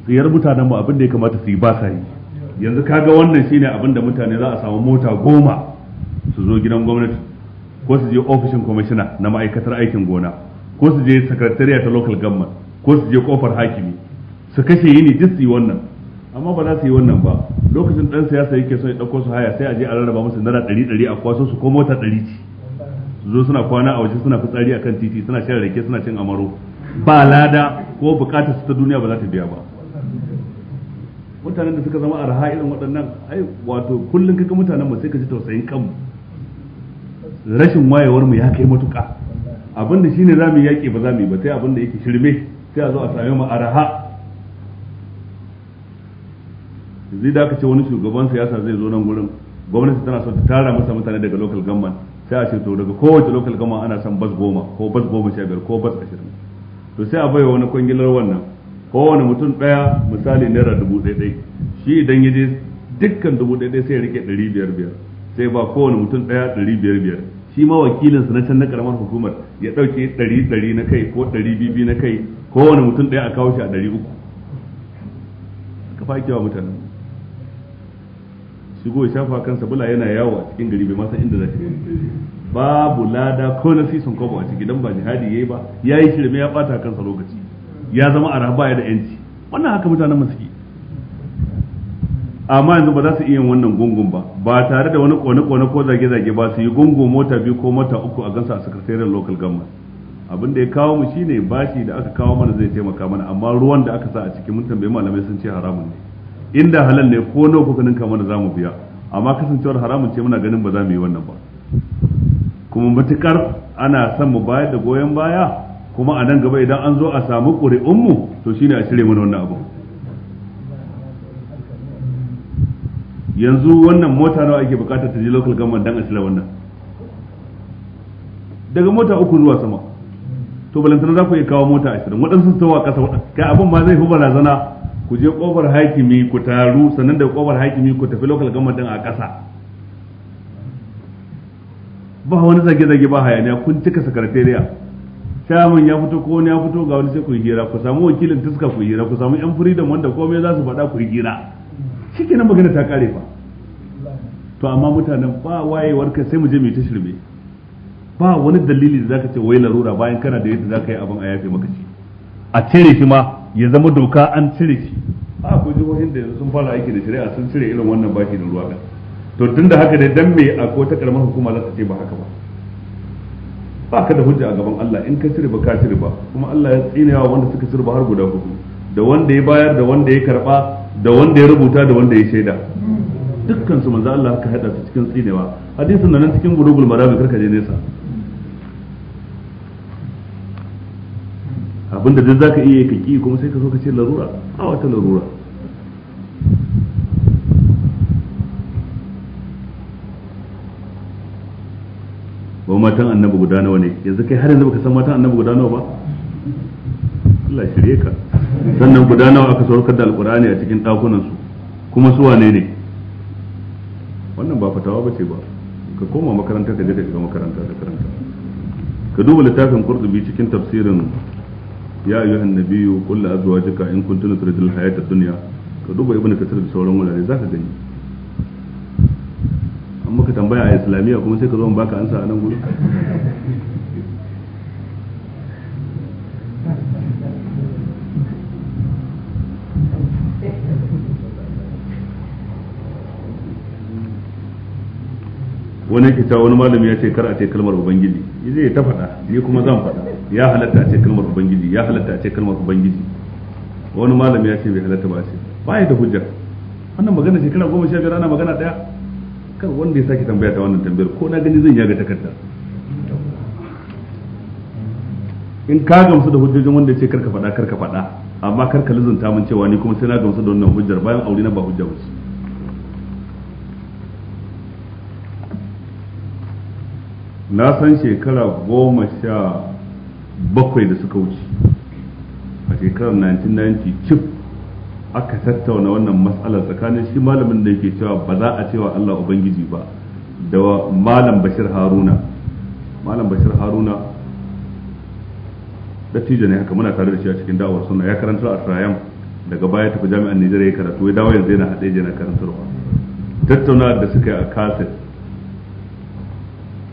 tsiyar mutanen mu abin da ya kamata su yi ba sa yi yanzu ka ga wannan shine abin da mutane za a samu mota goma su zo gidan gwamnati ko su je ofishin kwamishina na ma'aikatar aikin gona ko su je sakatariya ta local government ko su je kofar hakimi su kashe yini duk su yi wannan amma ba za su yi wannan ba lokacin dan siyasa yake so ya dauko su haya sai a je a rarraba musu naira ɗari ɗari a kwaso su ko mota ɗari ci su zo suna kwana a waje suna fitsari akan titi suna shan rake suna cin amaro ba lada ko bukatar su ta duniya ba za ta biya ba mutanen da suka zama a raha irin waɗannan ai wato kullum kaga mutanen mu sai ka ji tausayin kanmu rashin wayewar mu ya kai matuƙa abin da shine zamu yaƙi ba zamu yi ba sai abin da yake shirme sai a zo a same mu a arha zai da aka ce wani shugaban siyasa zai zo nan gurin gwamnati tana so ta tara masa mutane daga local gamman sai a ce to daga kowace local gamman ana son bas goma ko bas goma sha biyar ko bas ashirin to sai a baiwa wani kwangilar wannan kowane mutum ɗaya misali naira dubu ɗaya shi idan ya je dukkan dubu ɗaya sai ya rike ɗari biyar biyar sai ba kowane mutum ɗaya ɗari biyar biyar shi ma wakilinsa na can na karamar hukumar ya ɗauke ɗari ɗari na kai ko ɗari bibi na kai kowane mutum ɗaya a kawo shi a ɗari uku ka fa kewa mutane shigo ya shafa kansa bula yana yawo a cikin gari bai ma san inda za ta babu lada ko na sisan kwabo a ciki dan ba jihadi yayi ba yayi shirme ya bata kansa lokaci ya zama a baya da yanci wannan haka mutanen suke amma yanzu ba za su iya wannan gungun ba ba tare da wani kone-kone ko zage-zage ba su yi gungu mota biyu ko mota uku a gansa a sakatariyar local government abin da ya kawo mu shine bashi da aka kawo mana zai taimaka mana amma ruwan da aka sa a cikin mutum bai malamai sun ce haramun ne inda halal ne ko nawa kuka ninka mana zamu biya amma kasancewar haramun ce muna ganin ba za mu yi wannan ba kuma matukar ana son mu bayar da goyon baya kuma a nan gaba idan an zo a samu ƙuri'unmu to shine a cire mana wannan abu yanzu wannan mota nawa ake bukatar ta je local government dan a cire wannan daga mota uku zuwa sama to balantana za ku iya kawo mota a shirin waɗansu su tawa ƙasa kai abin ma zai fi barazana ku je ƙofar hakimi ku taru sannan da ƙofar hakimi ku tafi local government din a ƙasa ba wani zage-zage ba hayaniya kun cika sakatariya shaman ya fito ko wani ya fito ga wani sai ku hira ku samu wakilin tuska ku hira ku samu yan freedom wanda komai za su faɗa ku yi hira shikenan magana ta kare fa to amma mutanen ba wayewar ka sai mu je mu ta shirme ba wani dalili da zaka ce wai larura bayan kana da yadda zaka yi abin a yafe maka shi a cire shi ma ya zama doka an cire shi a ko wajen da sun fara aiki da shari'a sun cire irin wannan baki da ruwa to tunda haka dai dan me akwai ta karamar hukuma za ta ce ba haka ba ba ka da hujja a gaban Allah in ka cire ba ka cire ba kuma Allah ya tsine wa wanda suka cire ba har guda hudu da wanda ya bayar da wanda ya karba da wanda ya rubuta da wanda ya shaida dukkan su manzo Allah ka hada su cikin tsinewa hadisin nan cikin bulugul marami karka je nesa abinda duk zaka iya ka ki kuma sai ka zo ka ce larura a wata larura matan annabi guda nawa ne yanzu kai har yanzu baka san matan annabi guda nawa ba Allah shirye ka sannan guda nawa aka saukar da alkur'ani a cikin dakunan su kuma su wane ne wannan ba fatawa bace ba ka koma makaranta ka je ka shiga makaranta da karanta ka duba littafin qurtubi cikin tafsirin ya ayyuhan nabiyyu qul li azwajika in kuntum turidul hayata dunya ka duba ibnu kathir da sauran wurare zaka gani an muka tambaya a islamiyya kuma sai ka zo mu baka ansa a nan gudu wani ke wani malami ya ce kar a ce kalmar ubangiji zai ta faɗa ni kuma zan faɗa ya halatta a ce kalmar ubangiji ya halatta a ce kalmar ubangiji wani malami ya ce bai halatta ba ce ba ya da hujja wannan magana shekara goma sha biyar ana magana ɗaya kan wanda ya sake tambaya ta wannan tambayar ko na gani zan yaga takarda in ka gamsu da hujjojin wanda ya ce karka faɗa karka faɗa amma karka lizunta min cewa ni kuma sai na gamsu da wannan hujjar bayan aure na ba hujja ba na san shekara goma sha bakwai da suka wuce a shekarar 1990 cif aka tattauna wannan matsalar tsakanin shi malamin da yake cewa ba za a cewa Allah ubangiji ba da malam Bashir Haruna malam Bashir Haruna dattijo ne haka muna tare da shi a cikin da'awar sunna ya karanta a Trayam daga baya tafi jami'an Nijar ya karatu ya dawo yanzu yana haɗe yana karantarwa tattauna da suka yi a kaset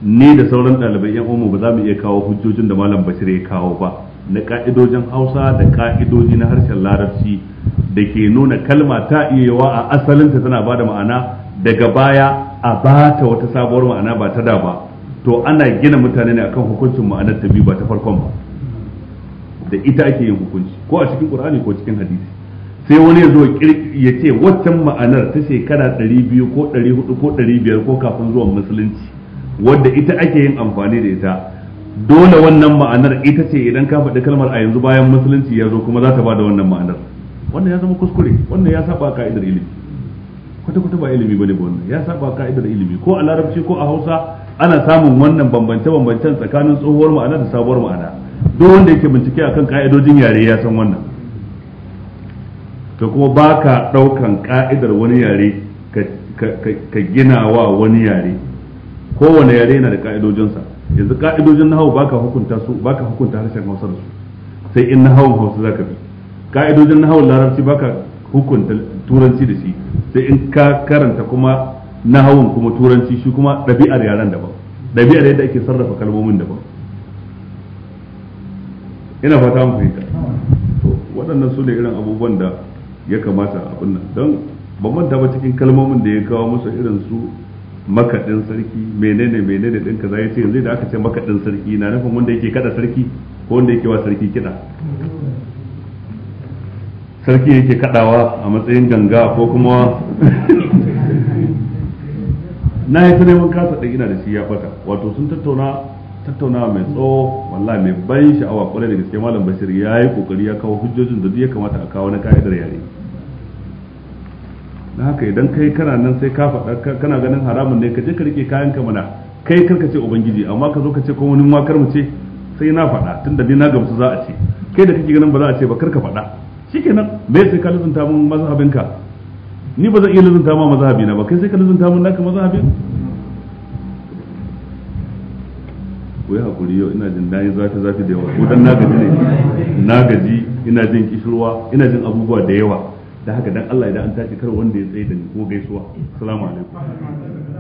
ni da sauran ɗalibai yan umu ba za mu iya kawo hujjojin da malam Bashir ya kawo ba na ka'idojin Hausa da ka'idoji na harshen Larabci da ke nuna kalma ta iya yawa a asalinta tana ba da ma'ana daga baya a ba ta wata sabuwar ma'ana ba ta da ba to ana gina mutane ne akan hukuncin ma'anar ta biyu ba ta farkon ba da ita ake yin hukunci ko a cikin qur'ani ko cikin hadisi sai wani ya zo ya ce waccan ma'anar ta shekara 200 ko 400 ko 500 ko kafin zuwan musulunci wadda ita ake yin amfani da ita dole wannan ma'anar ita ce idan ka faɗi kalmar a yanzu bayan musulunci ya zo kuma za ta ba da wannan ma'anar wannan ya zama kuskure wannan ya saba ka'idar ilimi kwata kwata ba ilimi bane ba wannan ya saba ka'idar ilimi ko a larabci ko a hausa ana samun wannan bambance bambancen tsakanin tsohuwar ma'ana da sabuwar ma'ana duk wanda yake bincike akan ka'idojin yare ya san wannan ta kuma ba ka ɗaukan ka'idar wani yare ka gina wa wani yare kowane yare yana da ka'idojinsa yanzu ka'idojin nahawu baka hukunta su hukunta harshen Hausa da su sai in nahawun Hausa za ka bi ka'idojin na hawan larabci baka hukunta turanci da shi sai in ka karanta kuma na hawan kuma turanci shi kuma ɗabi'ar yaren daban ɗabi'ar yadda ake sarrafa kalmomin daban ina fata mu fahimta to waɗannan su ne irin abubuwan da ya kamata abin nan don ban manta ba cikin kalmomin da ya kawo musu irin su makaɗin sarki menene menene ɗin za ya ce yanzu da aka ce makaɗin sarki na nufin wanda yake kada sarki ko wanda yake wa sarki kiɗa sarki yake kadawa a matsayin ganga ko kuma na yi ta neman kasa ɗin ina da shi ya fata wato sun tattauna tattauna mai tsawo wallahi mai ban sha'awa kwarai da gaske malam bashir ya yi kokari ya kawo hujjojin da duk ya kamata a kawo na ka'idar yare na haka idan kai kana nan sai ka faɗa kana ganin haramun ne ka je ka rike kayan ka mana kai karka ce ubangiji amma ka zo ka ce ko wani makar mu ce sai na faɗa tunda ni na gamsu za a ce kai da kake ganin ba za a ce ba karka faɗa shikenan me sai ka lizunta mun ka ni ba zan iya lizunta ma na ba kai sai ka lizunta mun naka mazhabin ku yi hakuri yau ina jin nayi zafi zafi da yawa ko dan na gaji ne na gaji ina jin kishirwa ina jin abubuwa da yawa da haka dan Allah idan an tashi kar wanda ya tsaye da ni ko gaisuwa assalamu alaikum